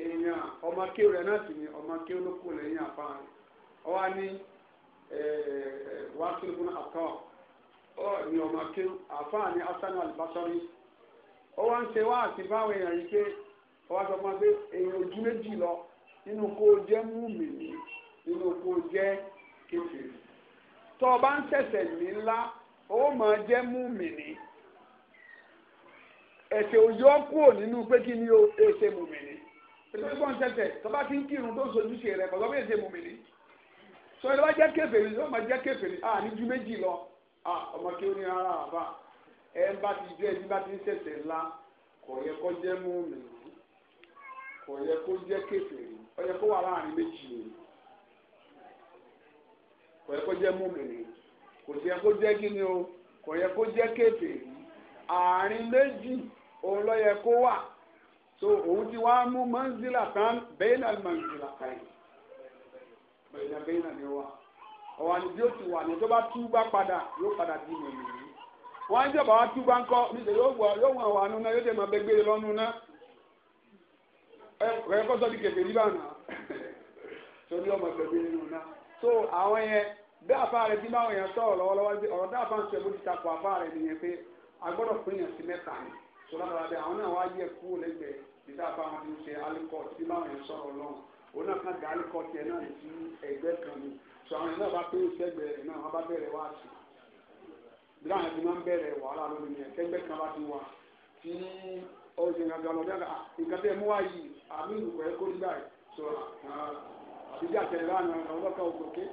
èèyàn ọmọ kéwù rẹ̀ náà sì ni ọmọ kéwù ló kù lẹ́yìn àfa rẹ̀ ọwọ́ ní wàásù ìbùnà àtọ́ ọ ni ọmọ kéwù àfa ní asanu alibasari ọwọ́ ń ṣe wá àti èèyàn yìí wọ́n á sọ fún wa pé èèyàn ojú méjì lọ nínú kó o jẹ́ múmìnì nínú kó o jẹ́ kékeré tó o bá ń ṣẹ̀ṣẹ̀ ní ńlá ó máa jẹ́ múmìnì ẹ̀ṣẹ̀ òyọ́ kúrò nínú pé kí ni o ẹ̀ṣẹ̀ múmìnì ètò ìbọn ṣẹ̀ṣẹ̀ tó bá ti ń kírun tó ń sojúṣe rẹ̀ kò sọ pé ẹ̀ṣẹ̀ e múmìnì sọ yẹn ló bá jẹ́ kèfèrí ló máa jẹ́ kèfèrí à ní ju méjì lọ à ọmọ kí ó ní ara àbá ẹ̀ ń bá ti jẹ́ ẹ̀ ń bá ti ń ṣẹ̀ṣẹ̀ ńlá kò yẹ jẹ́ múmìnì. kò yẹ kó jẹ́ kèfèrí ó kó wà láàrin méjì ni kò kó jẹ́ múmìnì kò sì ma kó jẹ́ kíni o kò kó jẹ́ kèfèrí àárín méjì òun kó wà so òun ti wá mú tán bẹ́ẹ̀ náà bẹ́ẹ̀ náà bẹ́ẹ̀ náà ni wà ọ̀wà ni bí ó ti wà ní tó bá tú bá padà yóò padà ẹ kọ́ sọ́ di kẹfẹ́ rí báwọn náà torí ọmọ tẹ̀lé nínú náà so àwọn yẹn bí àfa rẹ bí báwọn yẹn sọ̀rọ̀ lọ́wọ́lọ́wọ́ ọ̀rọ̀ tá àfa ń sọ ebúti takò àfa rẹ nìyẹn pé agbọ́dọ̀ pín yẹn sí mẹ́ta ni so lábàrá bẹ́ẹ̀ àwọn náà wáá yẹ kúrò lẹ́gbẹ̀ẹ́ bí tá àfa wọn ti ń ṣe alikọ́ọ̀tì bí báwọn yẹn sọ̀rọ̀ lọ́wọ́ òun náà kàn gà alikọ́ọ̀tì yẹn náà ní sí ẹgbẹ́ kan ni so àwọn yẹn náà bá pé ìṣẹ́gbẹ̀ẹ́ rẹ̀ náà wọ́n bá bẹ̀rẹ̀ wá sí bí láwọn ti máa ń bẹ̀rẹ̀ wàhálà lórí yẹn kẹ́gbẹ́ kan bá ti wà tí ó ṣe nǹkan àmì ìlùkọ̀ ẹ̀ kó nígbà sọ àbíjà tẹ̀lé lánàá ọlọ́kà òkòkè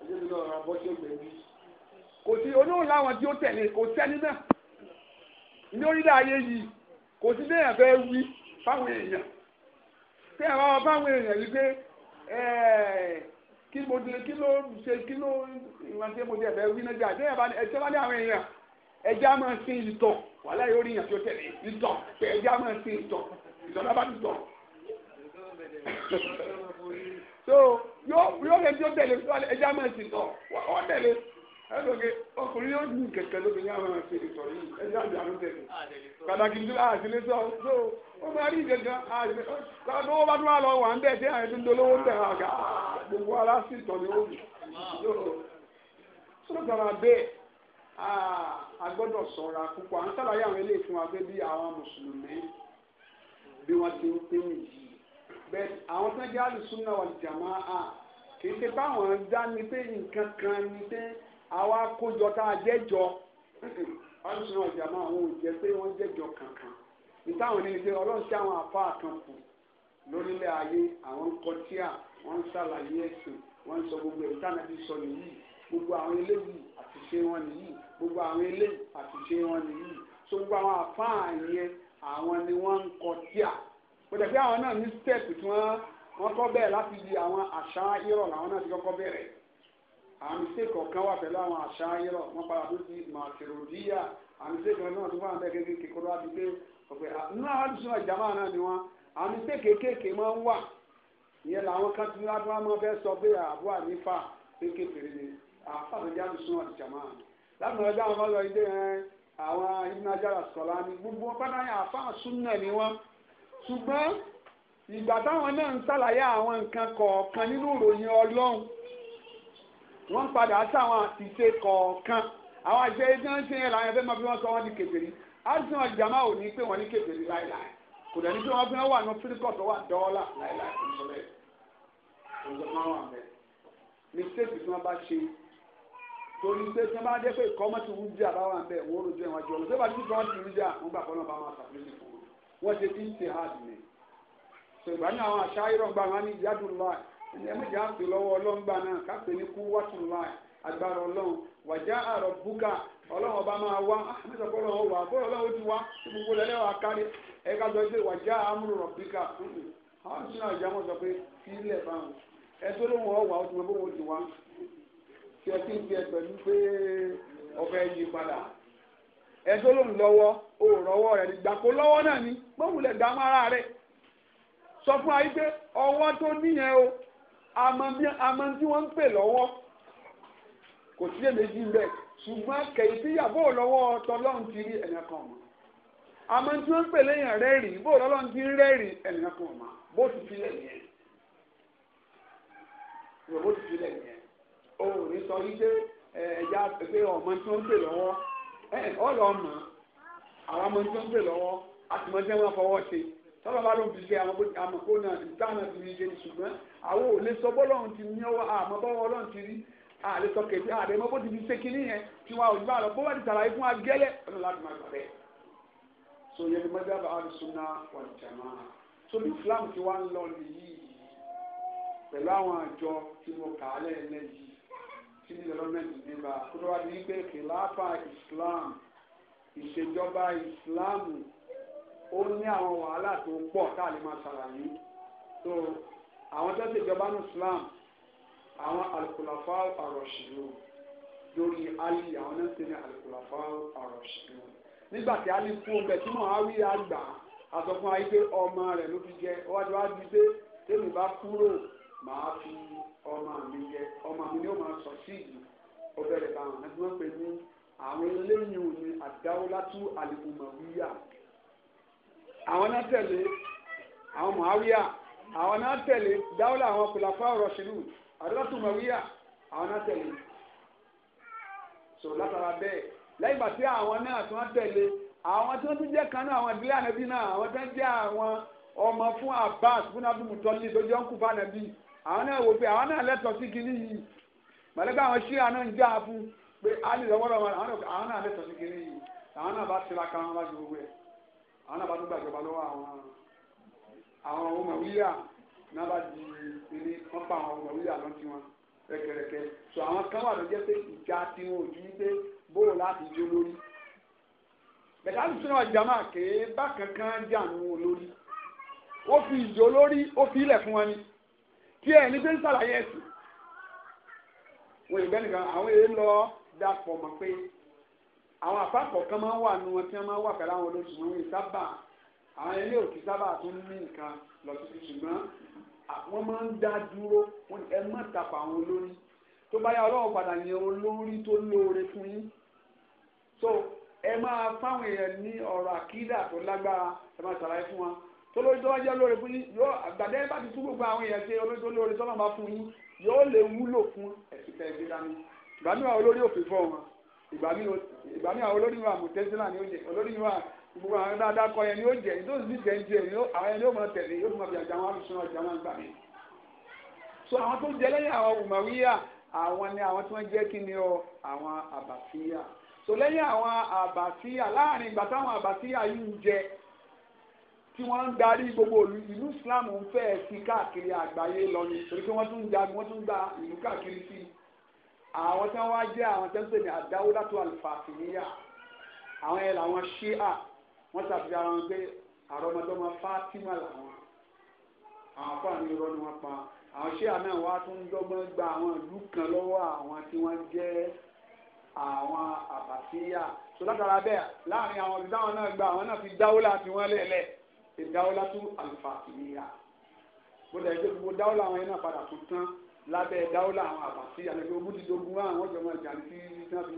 ẹ̀jẹ̀ mi lọ́ọ́ ra bọ́ sí ògbè mi. kò sí olóhùn láwọn tí ó tẹ̀lé kò sẹ́ni náà ní orílẹ̀ ayé yìí kò sí lẹ́yìn abẹ́ wí fáwọn èèyàn tẹ́ ẹ̀ bá fáwọn èèyàn wípé kí mo dé kí ló ṣe kí ló ìwọ̀n tí mo dé ẹ̀bẹ̀ wí náà jà tẹ́ ẹ̀ bá ní àwọn èèyàn ẹja máa sin ìtọ̀ wàhálà yóò rí yàn tí ó tẹ̀lé ìtọ̀ pé ẹja máa sin ìtọ̀ ìtọ̀ lábàtì tọ̀ so yóò yóò lè tó tẹ̀lé fún alẹ́ ẹja máa ti tọ̀ wọ́n tẹ̀lé ẹlòmíì ọkùnrin yóò ní kẹ̀kẹ́ lómi ní àwọn àti ìtọ̀ yìí ẹja àti àrùn tẹ̀lé pàtàkì ní sọ so ó máa rí bá tún wà lọ wà ń bẹ̀ dolówó ń bẹ̀ ah, gbogbo ara sì tọ̀ ní òbí so sọ̀rọ̀ a bẹ́ẹ̀ àwọn tó ń jẹ́ alùsùnà wal jàmáà kì í ṣe báwọn ń dá ni pé nǹkan kan ni pé àwa kójọ tá a jẹ́jọ alùsùnà wal jàmáà àwọn ò jẹ́ pé wọ́n jẹ́jọ kankan ìtàwọn ní ṣe ọlọ́run ṣe àwọn àfáà kan kù lórílẹ̀ ayé àwọn kọtíà wọ́n ń ṣàlàyé ẹ̀sìn wọ́n ń sọ gbogbo ẹ̀ tánàbí sọ nìyí gbogbo àwọn eléyìí àtiṣe wọn nìyí gbogbo àwọn eléyìí àtiṣe wọn nìyí so gbogbo àwọn àfáà yẹn àwọn ni wọ́n ń kọtíà kò dẹ̀ pé àwọn náà ní step tí wọ́n wọ́n kọ́ bẹ̀rẹ̀ láti di àwọn àṣà irọ́ làwọn náà ti kọ́kọ́ bẹ̀rẹ̀ àwọn mistake kọ̀ọ̀kan wà pẹ̀lú àwọn àṣà irọ́ wọ́n padà tó di màṣẹ̀ròdíyà àwọn mistake kọ̀ọ̀kan náà tó fà bẹ́ẹ̀ kékeré kọ́dọ̀ wá di pé ọ̀pẹ̀ nínú àwọn àdùsùn àjàmá náà ni wọ́n àwọn mistake kéékèèké máa ń wà ìyẹn làwọn kan ti wá wá máa fẹ́ sọ pé àbú ànífà kékeré ni àfàlójá àdùsùn àjàmá láti mọ̀ ọjọ́ àwọn fọ́lọ́ ilé àwọn ibùdó ajára sọ̀lá ni gbogbo pátá yẹn àfáà ṣùgbọ́n ìgbà táwọn náà ń ṣàlàyé àwọn nǹkan kọ̀ọ̀kan nínú ìròyìn ọlọ́run wọ́n padà sáwọn àṣìṣe kọ̀ọ̀kan àwọn àṣìṣe tí wọ́n ṣe yẹn làwọn ẹgbẹ́ máa fi wọ́n sọ wọ́n di kèfèrí àdìsàn ọ̀jàmá ò ní pé wọ́n ní kèfèrí láìláì kò dẹ̀ ní pé wọ́n fi wọ́n wà ní fíríkọ̀tù wà dọ́ọ́là láìláì kò ní sọ bẹ́ẹ̀ kò ní sọ fún àwọn àbẹ́ mistake tí wọ́n bá ṣe torí pé tí bá dé pé kọ́mọ́tì wọ́n ṣe ti ṣe hard ni ṣùgbọ́n ní àwọn àṣà ìrọ̀gbà wọn ní ìyádùn ẹni ẹni jà pé lọ́wọ́ ọlọ́ngbà náà kápẹ́ ní kú wàtún wàjá ọlọ́run ọba máa wá mẹ́sàn kọ́ wà ọlọ́run ti wá tí gbogbo kárí ẹ̀ka sọ pé wàjá rọ̀ bíkà náà ìjà o rọwọ́ rẹ̀ nígbà lọwọ lọ́wọ́ náà ni gbóhùnlẹ̀ rẹ̀ sọ fún wa wípé ọwọ́ tó níyẹn o àmọ́ tí wọ́n ń pè lọ́wọ́ kò sí èméjì ń bẹ̀ ṣùgbọ́n kẹ̀yìn tí yà bóò ti rí ẹ̀yàn kan mọ́ àmọ́ tí wọ́n ń pè léyàn rẹ́rì bóò lọ́lọ́run ti rẹ́rì ẹ̀yàn kan mọ́ bó o ò ní sọ yí ẹ̀yà pé ọmọ tí wọ́n ń pè lọ́wọ́ ọ̀ lọ́ àwọn ọmọ nígbà ń pè lọ́wọ́ a sì mọ tí wọ́n fọwọ́ ṣe tọ́lá bá lóun ti ṣe àmọ̀kó náà ìgbà náà ti ṣe ṣùgbọ́n àwọn ò lè sọ bọ́lọ́run ti ní ọwọ́ àmọ́ bọ́wọ́ ọlọ́run ti rí àlè sọ kẹ̀kẹ́ àlè mọ́ bó ti fi ṣe kinní yẹn tí wọn ò gbà lọ bó wà ní sàlàyé fún agẹ́lẹ́ ọ̀nà láti máa gbà bẹ́ẹ̀. so yẹn ni mọ́tí àbá àdùsùnà wal jamaa so bí Islam ti wá ń lọ nìyí pẹ̀lú àwọn àjọ tí mo kà á lẹ́yìn lẹ́yìn tí ní lọ́mẹ́ntì níbà kó tó wá di wípé kìláàfà Islam ìṣèjọba ìsìláàmù ó ní àwọn wàhálà tó pọ̀ tá a lè máa ṣàlàyé tó àwọn tó ṣèjọba ní islam àwọn alukulafa arọ̀ṣìlú lórí ali àwọn náà ń ní alukulafa arọ̀ṣìlú nígbà tí ali kú ọbẹ̀ tí màá wí àgbà àtọ̀kùn ayé pé ọmọ rẹ̀ ló fi jẹ wájú wá di pé tèmi bá kúrò màá fi ọmọ mi jẹ ọmọ mi ni ó máa sọ sí ìlú ó bẹ̀rẹ̀ báwọn ẹgbẹ́ pé ní àwọn eléyìí ò ní àdáwọlátú àlùmọ̀wíyà àwọn náà tẹ̀lé àwọn mọ̀háwíyà àwọn náà tẹ̀lé dáwọlá àwọn kòláfà rọ̀ṣìlú àdáwọlátú mọ̀wíyà àwọn náà tẹ̀lé sọ̀rọ̀ látara bẹ́ẹ̀ lẹ́yìn ìgbà tí àwọn náà tí wọ́n tẹ̀lé àwọn tí wọ́n tún jẹ́ kan náà àwọn ìdílé ànábì náà àwọn tí wọ́n jẹ́ àwọn ọmọ fún Abbas fún abdulmutali tó jẹ́ ń kú fún ànábì àwọn náà wò pé àwọn náà lẹ́tọ̀ọ́ sí kinní yìí mọ̀lẹ́bí àwọn ṣíra náà ń já a fún pé ali lọ́wọ́lọ́ wọn àwọn náà lẹ́tọ̀ọ́ sí kiri yìí àwọn náà bá tira kan wọn ju gbogbo ẹ̀ àwọn náà bá tó gbàjọba lọ́wọ́ àwọn àwọn ọmọ wíyà náà bá di ilé wọn pa àwọn ọmọ wíyà lọ sí wọn rẹkẹrẹkẹ so àwọn kan wà ló jẹ́ pé ìjà tí wọn ò ju pé bóò láti jó lórí bẹ̀tẹ̀ àtúntò náà jàmáà kéé bá kankan jà nù olórí ó fi ìjó lórí ó fi ilẹ̀ fún wọn ni kí ẹ̀ ní pé ń sàlàyé ẹ̀sìn wọn ìgbẹ́ nìkan àwọn èèyàn lọ dàpọ̀ mọ̀ pé àwọn àpapọ̀ kan máa ń wà nu wọn tí wọ́n máa ń wà pẹ̀lú àwọn olóṣù wọn ní sábà àwọn ilé òkè sábà tún ní nǹkan lọ sí ṣùgbọ́n wọ́n máa ń dá dúró ẹ má tapọ̀ àwọn olórí tó bá yá ọlọ́wọ́ padà yẹn olórí tó lóore fún yín so ẹ máa fáwọn èèyàn ní ọ̀rọ̀ àkídà tó lágbára ẹ máa ṣàlàyé fún wọn tolórí tó wá jẹ́ lóore fún yín yóò àgbàdẹ́ bá ti tún gbogbo àwọn èèyàn ṣe olórí tó lóore tọ́lọ́ bá fún yín yóò lè wúlò fún ẹ̀sìn ìgbà míì àwọn olórí òfin fọ wọn ìgbà míì àwọn olórí wa mùtẹ́sílà ni ó jẹ olórí wa gbogbo àwọn dáadáa kọ yẹn ni ó jẹ ní tó ń jẹ ní àwọn ẹni ó mọ tẹ̀lé yóò mọ bí àjà wọn àlùsùn àjà wọn gbà mí. so àwọn tó jẹ lẹ́yìn àwọn ọmọwíyà àwọn ni àwọn tí wọ́n jẹ́ kí ni ọ àwọn àbàfíyà so lẹ́yìn àwọn àbàfíyà láàrin ìgbà táwọn àbàfíyà yìí ń jẹ tí wọ́n ń darí gbogbo ìlú Islam ń fẹ́ sí káàkiri àgbáyé lọ ni torí pé wọ́n tún ń gba ìlú káàkiri sí i àwọn tí wọ́n wá jẹ́ àwọn tí wọ́n pè ní àdáwúdátó àlùfààfìníyà àwọn yẹn làwọn ṣíà wọ́n ṣàfihàn àwọn pé àrọ́mọdọ́mọ fátímà làwọn àwọn afọ àmì irọ́ ni wọ́n pa àwọn ṣíà náà wá tún dọ́gbọ́n gba àwọn ìlú kan lọ́wọ́ àwọn tí wọ́n jẹ́ àwọn àbàsíyà tó látara bẹ́ẹ̀ láàrin àwọn tí náà gba àwọn náà fi dáwúlà tí wọ́n lẹ̀lẹ̀ ìdáwúlátó àlùfààfìníyà bó lẹ́yìn tó gbogbo dáwúlà àwọn yẹn náà padà tún tán lábẹ́ dáwọ́lá àwọn àbàtì àlejò ogúndínlógún àwọn ọjọ́ máa jàn tí wọ́n fi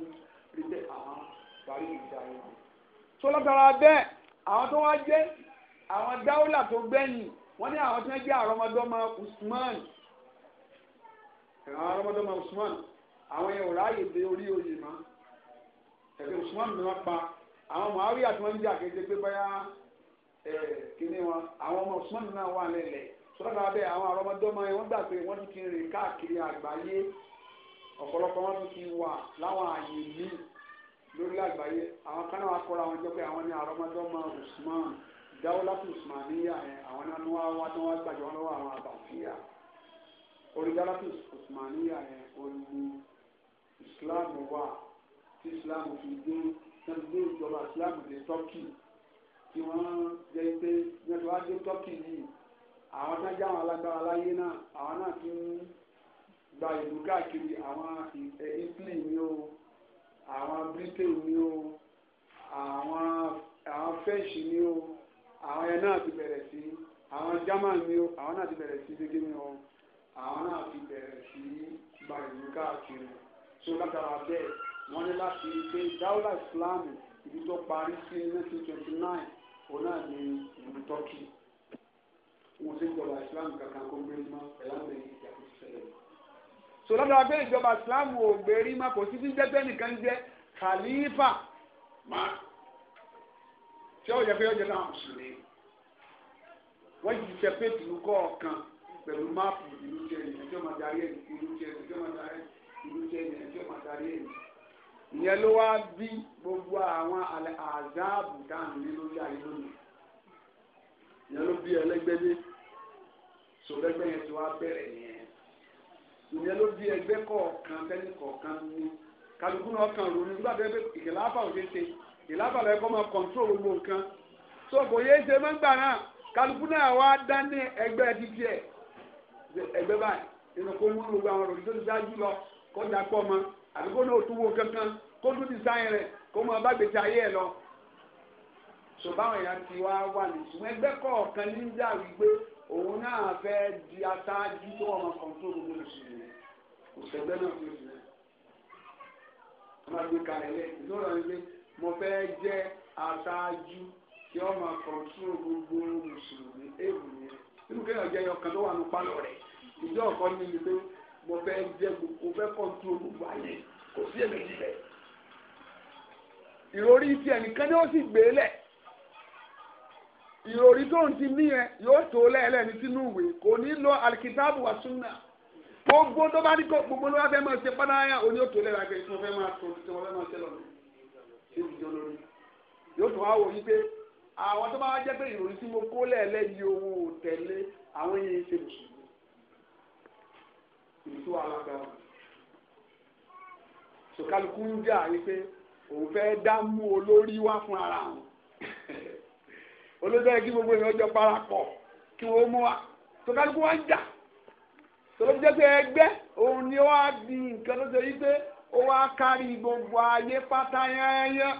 rí bẹ́ẹ̀ àwọn parí ìjà yẹn. tó lọ́tara bẹ́ẹ̀ àwọn tó wá jẹ́ àwọn dáwọ́lá tó gbẹ̀yìn wọ́n ní àwọn tí wọ́n jẹ́ àrọ́mọdọ́mọ Usman àwọn àrọ́mọdọ́mọ Usman àwọn yẹn ò ráàyè dé orí oyè mọ́ ẹ̀fẹ̀ Usman ni wọ́n pa àwọn Muawiya tí wọ́n ń jà kéde pé báyà kíní wọn àwọn ọmọ Usman náà wà lẹ́lẹ̀ẹ́ sọ́dọ̀ abẹ́ àwọn àrọ́mọdọ́mọ yẹn wọ́n gbà pé wọ́n ti ti rìn káàkiri àgbáyé ọ̀pọ̀lọpọ̀ wọn tún ti wà láwọn àyè míì lórí àgbáyé àwọn kanáà wá kọ́ra wọn jọ pé àwọn ní àrọ́mọdọ́mọ Usman dáwọ́lápù Usmaniya yẹn àwọn náà ni wọ́n wá tí wọ́n gbàjọ wọn lọ́wọ́ àwọn àbàfíà orí dáwọ́lápù Usmaniya yẹn olú Islam wà tí Islam fi dé náà ìjọba Islam dé Turkey tí wọ́n jẹ́ pé nígbà tó wá dé Turkey yìí àwọn tó jẹ́ àwọn alágbára láyé náà àwọn náà ti ń gba ìlú káàkiri àwọn Italy ni o àwọn Britain ni o àwọn àwọn French ni o àwọn yẹn náà ti bẹ̀rẹ̀ sí àwọn German ni o àwọn náà ti bẹ̀rẹ̀ sí gẹ́gẹ́ ni o àwọn náà ti bẹ̀rẹ̀ sí gba ìlú káàkiri so látara bẹ́ẹ̀ wọ́n ní láti pé dáúlà Islam ìlú parí sí nineteen òun náà ní ìlú Turkey wọn sì jọba islam kankan kó gbérí mọ ẹlẹ́mọ̀ ìjà kó ṣẹlẹ̀ mọ́. sọlọ́dọ̀ abẹ́ ìjọba islam ò gbérí mọ́ kò sí jíjẹ́ bẹ́ẹ̀ nìkan jẹ́ khalifa má tí ó yẹ pé ó jẹ́ náà mùsùlùmí wọ́n yìí ṣe péjì ní kọ̀ọ̀kan pẹ̀lú máàpù ìlú jẹ́ ẹ̀yìn ẹjọ́ máa darí ẹ̀yìn ìlú jẹ́ ẹ̀yìn ẹjọ́ máa darí ìlú jẹ́ ẹ̀yìn ẹjọ́ máa darí ẹ̀yìn ìyẹn ló wá bí gbogbo àwọn àzáàbù dáhùn nínú ìyẹn ló bí ẹlẹ́gbẹ́ dé sọlẹ́gbẹ́ yẹn ti wá bẹ̀rẹ̀ nìyẹn ìyẹn ló bí ẹgbẹ́ kọ̀ọ̀kan tẹ́lẹ̀ kọ̀ọ̀kan ní kálukú náà kàn ronú nígbà tó yẹ pé ìkìláfà ò ṣeé ṣe ìkìláfà lọ ẹkọ máa kọ̀ǹtrol gbogbo nǹkan tó kò yéé ṣe mọ́ngbà náà kálukú náà wá dá ní ẹgbẹ́ títí ẹ̀ ẹgbẹ́ báyìí nínú kó mú gbogbo àwọn òròyìn tó ti dájú lọ kó dà pọ̀ mọ́ náà tún wo kankan kó tún ti sáyẹn rẹ̀ kó máa bá ayé ẹ̀ lọ ṣùgbọ́n àwọn èèyàn ti wá wà ní ṣùgbọ́n ẹgbẹ́ kọ̀ọ̀kan ní ìjà wípé òun náà fẹ́ di aṣáájú tó wọn kọ̀ǹtò lórí mùsùlùmí òṣèlú náà fi ṣe ọmọdé kalẹ̀ lẹ́yìn lọ́rọ̀ ilé mo fẹ́ jẹ́ aṣáájú tí wọn máa kọ̀ǹtò gbogbo mùsùlùmí èèwù yẹn nínú kéèyàn jẹ́ ọkàn tó wà ní pálọ̀ rẹ̀ ìjọ ọ̀kan ní ilé mo fẹ́ jẹ́ gbogbo fẹ́ kọ̀ǹtò gbogbo ayé kò sí èmi níbẹ̀ ìròrí ti ó sì gbé lẹ̀ ìròrí tó ń ti ní yẹn yóò tó lẹ́ẹ̀lẹ́ni sínú ìwé kò ní lọ alikitaabu wa sunna gbogbo tó bá ní kó gbogbo ló wá fẹ́ máa ṣe pátáyà òní yóò tó lẹ́ẹ̀lẹ́ àgbẹ̀ tí wọ́n fẹ́ máa tó tí wọ́n fẹ́ máa ṣe lọ́nà ìjọ lórí yóò tó wá wò yí pé àwọn tó bá wá jẹ́ pé ìròrí tí mo kó lẹ́ẹ̀lẹ́ yìí owó tẹ̀lé àwọn yìí ṣe mùsùlùmí sọkálukú ń jà yí pé olóṣèlú yẹ kí gbogbo èèyàn jọ parapọ̀ kí wọ́n mú wa tó kálukú wa ń jà tó ẹgbẹ́ òun ni wọ́n á di nǹkan ló ṣe yí pé ó wá kárí gbogbo ayé pátá yányán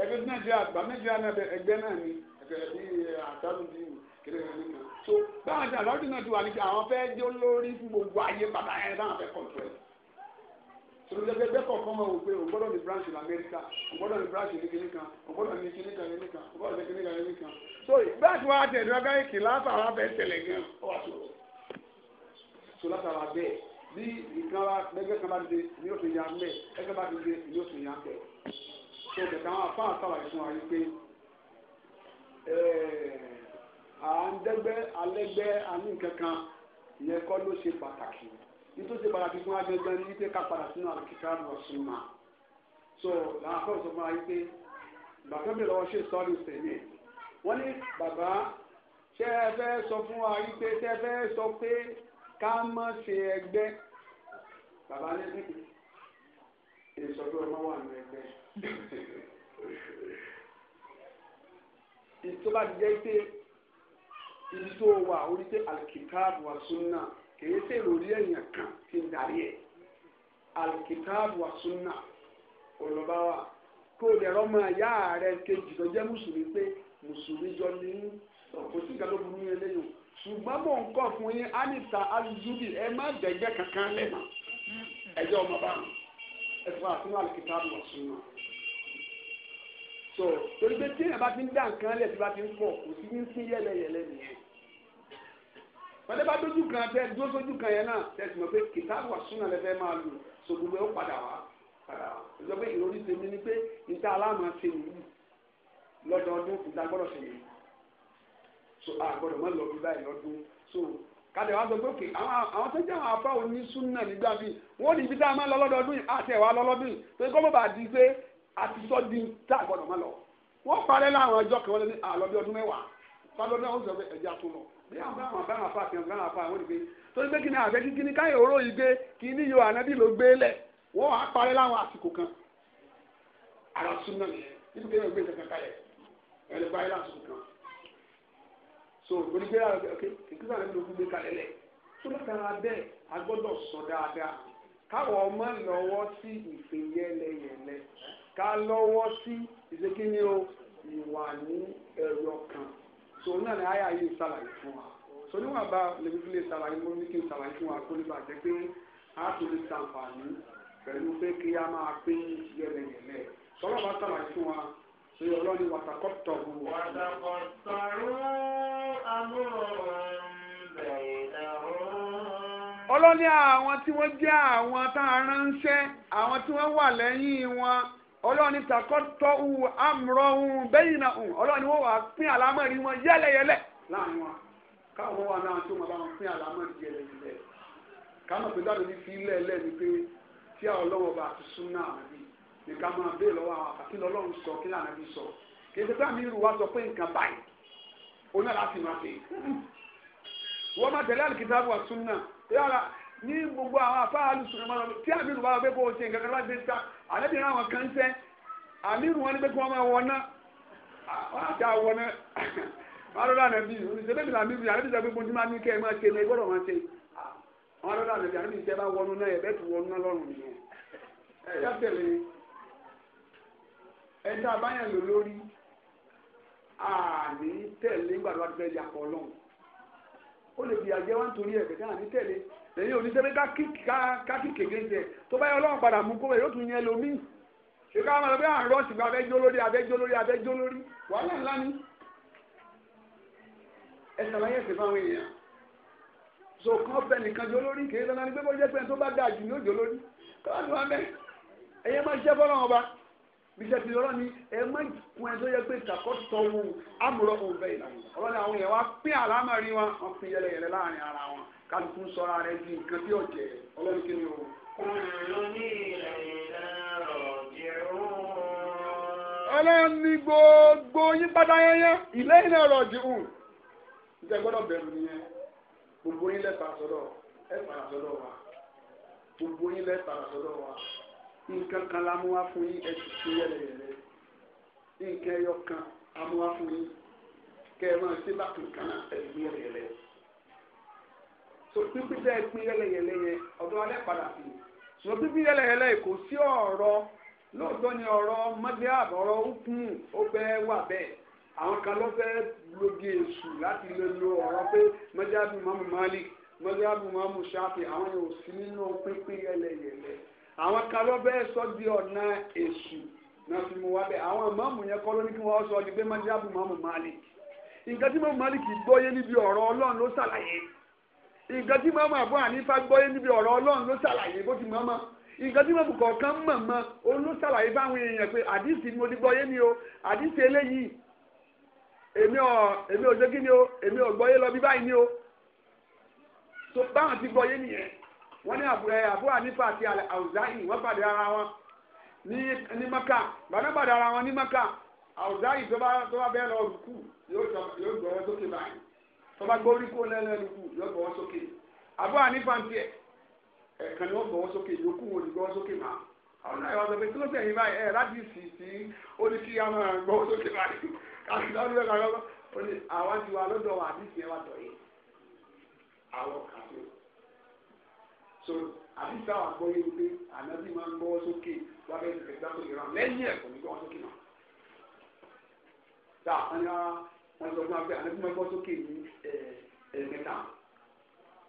ẹgbẹ́ tí nàìjíríà àgbà nàìjíríà náà bẹ ẹgbẹ́ náà ni ẹgbẹ́ bí eh, àtàlù kìnìún kan so báwọn ti àlọ́dún náà ti wà ní kí àwọn fẹ́ jó lórí fún gbogbo ayé pátá yányán táwọn fẹ́ kọ̀ọ̀tù ẹ̀ tolóògbé ẹgbẹ́ kọ̀ọ̀kan máa o pé o gbọ́dọ̀ ní branch ní Amẹ́ríkà o gbọ́dọ̀ ní branch ní kíní kan o gbọ́dọ̀ ní kíní kan ní kan o gbọ́dọ̀ ní kíní kan ní kan so branch wa tẹ̀ ní ọgá ìkì látà wà bẹ́ẹ̀ tẹ̀lé gan ọ wà sọ̀rọ̀ so látà wà bẹ́ẹ̀ bí nǹkan wa lẹ́gbẹ́ kan de ti dé ní oṣù yà mẹ́ ẹgbẹ́ bá ti dé ní oṣù yà tẹ̀ so kẹ̀kẹ́ àwọn afá àtàwàyé fún wa yìí pé à ń dẹ́gbẹ́ alẹ́gbẹ́ àní nǹkan kan ìyẹn kọ́ nítorí pàtàkì fún agbẹgbẹ ní pé ká padà sínú àkíkà lọ sùn mà so làwọn akọ́sọ fún wa yìí pé bàbá mi lọ́wọ́ ṣe sọ́ọ́lù sẹ́yìn wọ́n ní bàbá ṣé ẹ fẹ́ sọ fún wa yìí pé ṣé ẹ fẹ́ sọ pé ká má ṣe ẹgbẹ́ bàbá ní bí ìsọdọ̀ ọmọ wà ní ẹgbẹ́ ìtọ́ba jẹ́ pé ibi tó wà orí pé àkíkà lọ sùn náà kìí ṣe ìròrí èèyàn kan tí ń darí ẹ̀ alikitaabu wa sunna olùbá wa kó o lè rọ́mọ ìyá rẹ kejì tó jẹ́ mùsùlùmí pé mùsùlùmí jọ ní ọ̀pọ̀ sí ìgbàlódé ní eléyìí ṣùgbọ́n mò ń kọ́ fún yín anita alizubi ẹ má dẹ̀gbẹ́ kankan lẹ́nà ẹ̀jẹ̀ ọmọ bá mi ẹ fọ àfihàn alikitaabu wa sunna so torí pé tí ẹ bá ti ń dá nǹkan lẹ̀ tí bá ti ń pọ̀ kò sí ní sí yẹlẹyẹlẹ nìyẹn pẹ̀lú bá dójú kan tẹ dúró sójú kan yẹn náà tẹ tìmọ̀ pé kìtàbù wa súnà lẹ́fẹ̀ẹ́ máa lò so gbogbo ẹ̀ ó padà wá padà wá ìjọ pé ìròrí tèmi ni pé níta aláàmà ṣe wù lọ́dọọdún níta gbọ́dọ̀ ṣe yẹn so a gbọ́dọ̀ má lọ bí báyìí lọ́dún so kálẹ̀ wá sọ pé òkè àwọn tó jẹ́ àwọn afá òní súnà nígbà bíi wọ́n ní ibi tá a máa lọ lọ́dọọdún yìí àti ẹ̀wà lọ́lọ́dún yìí pé kọ́ mọ̀ bá di pé àti di tá a gbọ́dọ̀ má lọ wọ́n parẹ́ láwọn ọjọ́ kan wọ́n lé ní àlọ́bí ọdún mẹ́wàá fáwọn àwọn sọ pé ẹ̀jẹ̀ àtúnlọ̀ bí àwọn bá wọn bá wọn fa igwe n'iyo káyọ̀ oró yìí gbé kíni yóò ànábì ló gbé lẹ̀ wọ́n parẹ́ láwọn àsìkò kan àrà súnmọ́ nìyẹn gbé nǹkan kalẹ̀ kan so onígbé ah, ok ìkíkọ́ ànábì ló gbé kalẹ̀ lẹ̀ tó látara bẹ́ẹ̀ a gbọ́dọ̀ sọ dáadáa káwọn ọmọ lọ́wọ́ sí ìfìyẹ́lẹ́yẹ̀lẹ́ ká lọ́wọ́ sí ìwà so náà ni àyà yìí ṣàlàyé fún wa so níwọ̀n bá lèmi fi lè ṣàlàyé mo ní kí n ṣàlàyé fún wa kó nípa jẹ́ pé a tún lè ṣàǹfààní pẹ̀lú pé kí a máa pín yẹlẹyẹlẹ sọ́lọ́ bá ṣàlàyé fún wa pé ọlọ́ni wàtàkọ́tọ̀ wò. wàtàkọ́tọ̀ ọlọ́ni àwọn tí wọ́n jẹ́ àwọn tá a ránṣẹ́ àwọn tí wọ́n wà lẹ́yìn wọn ọlọ́run takọ́tọ́ ù amúrọ̀ ù bẹ́yìn náà wọ́n wà pín àlámọ̀rí wọn yẹ́lẹ́yẹ́lẹ́ láàrin wọn káwọn wà náà tó máa bá wọn pín àlámọ̀rí yẹ́lẹ́yẹ́lẹ́ káwọn pé dáadọ́ ní fi ilé ni pé tí a ọlọ́wọ́ bá ti sún náà àbí ní ká máa bẹ́ẹ̀ lọ́wọ́ àwọn àti lọ́lọ́run sọ kí lànà bí sọ kí irú wa sọ pé nǹkan báyìí àlẹ́bí náà àwọn kan sẹ́ àmírù wọn ni pé kí wọ́n máa wọná wọ́n á ti àwọn náà wọ́n á lọ́dọ̀ àlẹ́bí ìṣẹ́bẹ̀bí làmírù àlẹ́bí sọ pé mo ti máa ní kẹ́ ẹ máa ṣe ní gbọ́dọ̀ máa ṣe wọ́n á lọ́dọ̀ àlẹ́bí àlẹ́bí bá wọnú náà ẹ̀bẹ́ tó wọnú náà lọ́rùn nìyẹn ẹ̀yà tẹ̀lé ẹ̀ta àbáyàn lò lórí àní tẹ̀lé gbàdúrà tó fẹ́ yàpọ̀ ọlọ́run ó lè fìyà jẹ wá nítorí ẹ̀fẹ̀ àní tẹ̀lé lẹ́yìn oníṣẹ́lẹ̀ kákìkì kéde tó bá yẹ ọlọ́run padà mú kó rẹ̀ yóò tún yẹ lomi ṣé ká máa lọ bí à ń rọ́ọ̀ṣì gba abẹ́jọ́ lórí abẹ́jọ́ lórí abẹ́jọ́ lórí wàhálà ńlá ni ẹ ṣàlàyé ẹ̀sìn fáwọn èèyàn so kọ́ bẹ nìkan jọ lórí kì í sọ náà ni pé bó jẹ́ pé tó bá dáa jù ní òjò lórí káwọn tó wá mẹ́ ẹ̀yẹ máa ṣiṣẹ́ fọ́lọ́run ọba ni ẹ má kun ẹ tó yẹ pé kálukú sọra rẹ̀ di nǹkan bí ọ̀jẹ̀ ọlọ́run kí ni o. ọlọ́run ní gbogbo yín bá dáyẹ́yẹ́ ilé iná ọ̀rọ̀ jìhùn níta gbọ́dọ̀ bẹ̀rù nìyẹn gbogbo yín lẹ́ta sọ́dọ̀ ẹ̀ padà sọ́dọ̀ wa gbogbo yín lẹ́ta sọ́dọ̀ wa nǹkan kan la mú wá fún yín ẹ̀ sì ṣe yẹ́lẹ̀yẹ̀lẹ̀ nǹkan ẹyọ kan amúwá fún yín kẹ́ ẹ máa ṣe bákan kan ẹ̀ sí yẹ́lẹ̀yẹ̀lẹ̀. so pípí tẹ́ ẹ pín yẹlẹyẹlẹyẹ ọ̀dọ̀ alẹ́ padà sí i ṣùgbọ́n pípí yẹlẹyẹlẹ kò sí ọrọ lóòótọ́ ni ọrọ mọ́díàbọ̀ ọrọ ukùn ó wà àwọn kan ló lóge èṣù láti lè lo ọ̀rọ̀ pé mọ́díàbù mọ́mú Malik mọ́díàbù mọ́mú Ṣáfì àwọn yóò sí nínú pípí yẹlẹyẹlẹ àwọn kan ló fẹ́ sọ di ọ̀nà èṣù náà fi mu wá àwọn yẹn ló ní nǹkan tí mọ́mọ́ àbọ̀ ànífà gbọ́yé níbi ọ̀rọ̀ ọlọ́run ló ṣàlàyé bó ti mọ́mọ́ nǹkan tí mọ́mọ́ kọ̀ọ̀kan mọ̀ mọ́ òun ló ṣàlàyé fáwọn èèyàn pé àdìsí mo ti gbọ́yé ni o àdìsí eléyìí èmi ò èmi ò ṣe ni o èmi ò gbọ́yé lọ bí báyìí ni o so báwọn ti gbọ́yé nìyẹn wọ́n ní àbọ̀ ànífà eh, àti àwùzáì wọ́n pàdé ara wọn ní ní maka gbàdá pàdé ara wọn ní maka àwùzáì tó bá tó bá bẹ́ẹ̀ lọ kù yóò gbọ́yé sókè báyìí tó bá gbórí kó lẹ́lẹ́nu kù yóò gbọ́wọ́ sókè àbọ̀ ànífà ń tiẹ̀ ẹ̀ẹ̀kan ni wọ́n gbọ́wọ́ sókè yòókù wò ní gbọ́wọ́ sókè máa àwọn náà yọ sọ pé tí ló tẹ̀yìn báyìí ẹ̀ láti sì sí ó ní kí àwọn gbọ́wọ́ sókè báyìí káàkiri àbísà wà gbọ́ yé wípé ànábì máa ń gbọ́ sókè wà bẹ́ẹ̀ tẹ̀sẹ̀ gbá sókè rán lẹ́yìn ẹ̀ kò ní gbọ́ sókè náà. Dà á ní ara ah, wọ́n sọ fún wa pé àná fún wa bọ́ sókè ní ẹ̀ẹ́mẹ́ta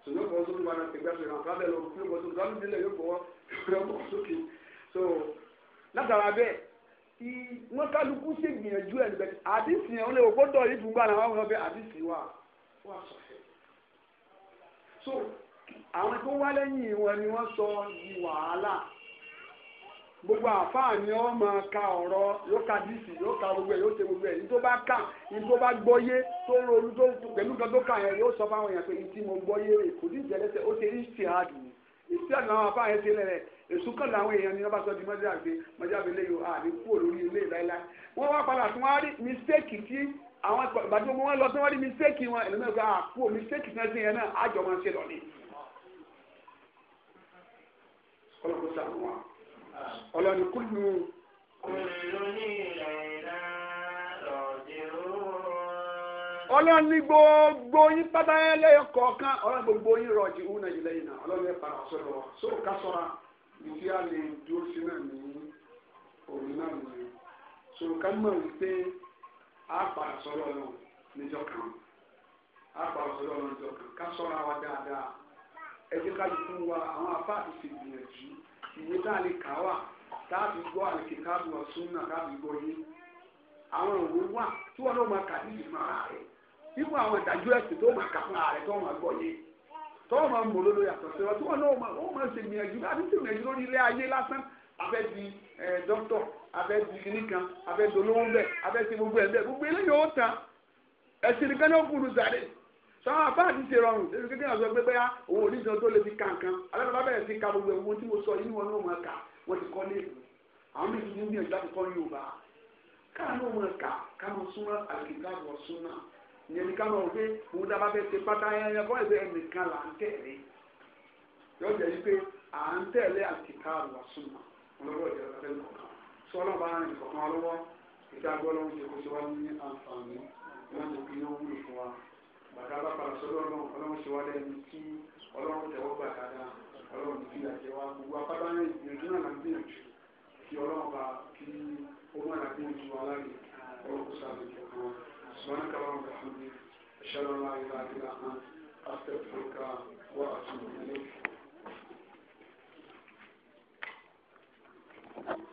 sọ̀nà bọ́ sókè wa náà tẹ̀gbẹ́ sọ̀rọ̀ àfáà bẹ́ẹ̀ lọ fún bọ́ sókè lọ́dún délẹ̀ yóò bọ́ sókè so látara bẹ́ẹ̀ wọ́n kálukú sì gbìyànjú ẹ̀ níbẹ̀ àdìsí ẹ̀ wọ́n lè wò gbọ́dọ̀ yìí dùn gbà náà wọ́n fẹ́ àdìsí wa wà sọ̀fẹ́ so àwọn tó wá lẹ́yìn wọn ni wọ́n sọ di wàhálà gbogbo àfáà ni ọ máa ka ọ̀rọ̀ yóò ka díìsì yóò ka gbogbo ẹ̀ yóò ṣe gbogbo ẹ̀ ní tó bá kà ní tó bá gbọ́yé tó ronú tó pẹ̀lú nǹkan tó kà yẹn yóò sọ fáwọn èèyàn pé ní tí mo gbọ́yé rè kò ní ìjẹ́lẹ́sẹ̀ ó ṣe ìṣe àdùn ìṣe àdùn àwọn àfáà yẹn ṣe lẹ́rẹ̀ èṣù kan làwọn èèyàn ni wọ́n bá sọ di mọ́jà gbé mọ́jà gbé lé yòó àní kúrò lórí ilé láíláí wọ́n wá padà tí wọ́n á rí mistake tí àwọn ìgbàdúgbò wọn lọ tí wọ́n rí mistake wọn ẹ̀lẹ́mọ̀ ìgbà àpò mistake ọlọ́ni kúlù. ọlọ́ni gbogbo yín pátá ẹlẹ́yọ kọ̀ọ̀kan ọlọ́ni gbogbo yín rọ̀jì òun náà ilẹ̀ iná ọlọ́ni ẹ̀ para sọ̀rọ̀ so ká sọ̀ra ìdí àlè dúró sí náà ní òun a para níjọ́ kan a ìwé tá a lè kà wà tá a fi gbọ́ àlìkìtàbù wa sunna tá a fi gbọ́ yé àwọn òwe wà tí wọn náà máa kà ní ìmọ̀ ara rẹ̀ nínú àwọn ìdájọ́ ẹ̀sìn tó máa kà fún ara rẹ̀ tó máa gbọ́ yé tó máa mọ̀ lólo yàtọ̀ sí wọn tí wọn náà máa wọ́n máa ṣe gbìyànjú láti ṣe gbìyànjú lórí ilé ayé lásán abẹ́ di dókítọ̀ abẹ́ di kìnnì kan abẹ́ dolówó bẹ́ẹ̀ abẹ́ ti gbogbo ẹ̀ bẹ́ẹ̀ gbogbo sọ́wọ́n abáàdì ti rọrùn lórí kékeré àwọn ọ̀gbẹ́ bẹ́yà owó oníṣẹ́ tó lè fi kankan alábàbà bẹ̀rẹ̀ sí ka gbogbo ẹ̀wọ̀n tí mo sọ inú wọn ní òun ẹ̀ka wọ́n ti kọ́ léèkó àwọn méjì ní gbìyànjú láti kọ́ Yorùbá káàánú òun ẹ̀ka káàánú súnmọ́ àlùkìlá wọ̀ súnmọ́ ìyẹn ní káàánú òun pé òun dábàá bẹ́ẹ̀ ṣe pátá ẹyẹ bọ́ ẹ̀bẹ̀ ẹnìkan là ń tẹ̀lé yóò jẹ́ pé à ń tẹ̀lé àlùkìlá wọ̀ súnmọ́ ọlọ́wọ́ ìjọba fẹ́ lọ́kàn sọ́lọ́ bá rìn kọ̀ọ̀kan lọ́wọ́ ìdágbọ́ lọ́wọ́ ìjọba ṣe wá ní àǹfààní láti fi owó ìfọwọ́ bàtà bá padà sọ́dọ̀ ọlọ́run ọlọ́run ṣe wá lẹ́nu kí ọlọ́run tẹ̀wọ́ gbà dáadáa ọlọ́run fi àjẹ́ wa gbogbo apáta náà ìgbìyànjú náà là ń gbìyànjú kí ọlọ́run bá kí ó má là gbìyànjú wa láàyè ọlọ́run kó sáà lójú ọ̀kan wa ṣùgbọ́n ká wọn bẹ̀ fún mi ẹ̀ṣẹ́ lọ́la ìlà ìlà hàn astẹ́fúnká wà àtúntò Thank you.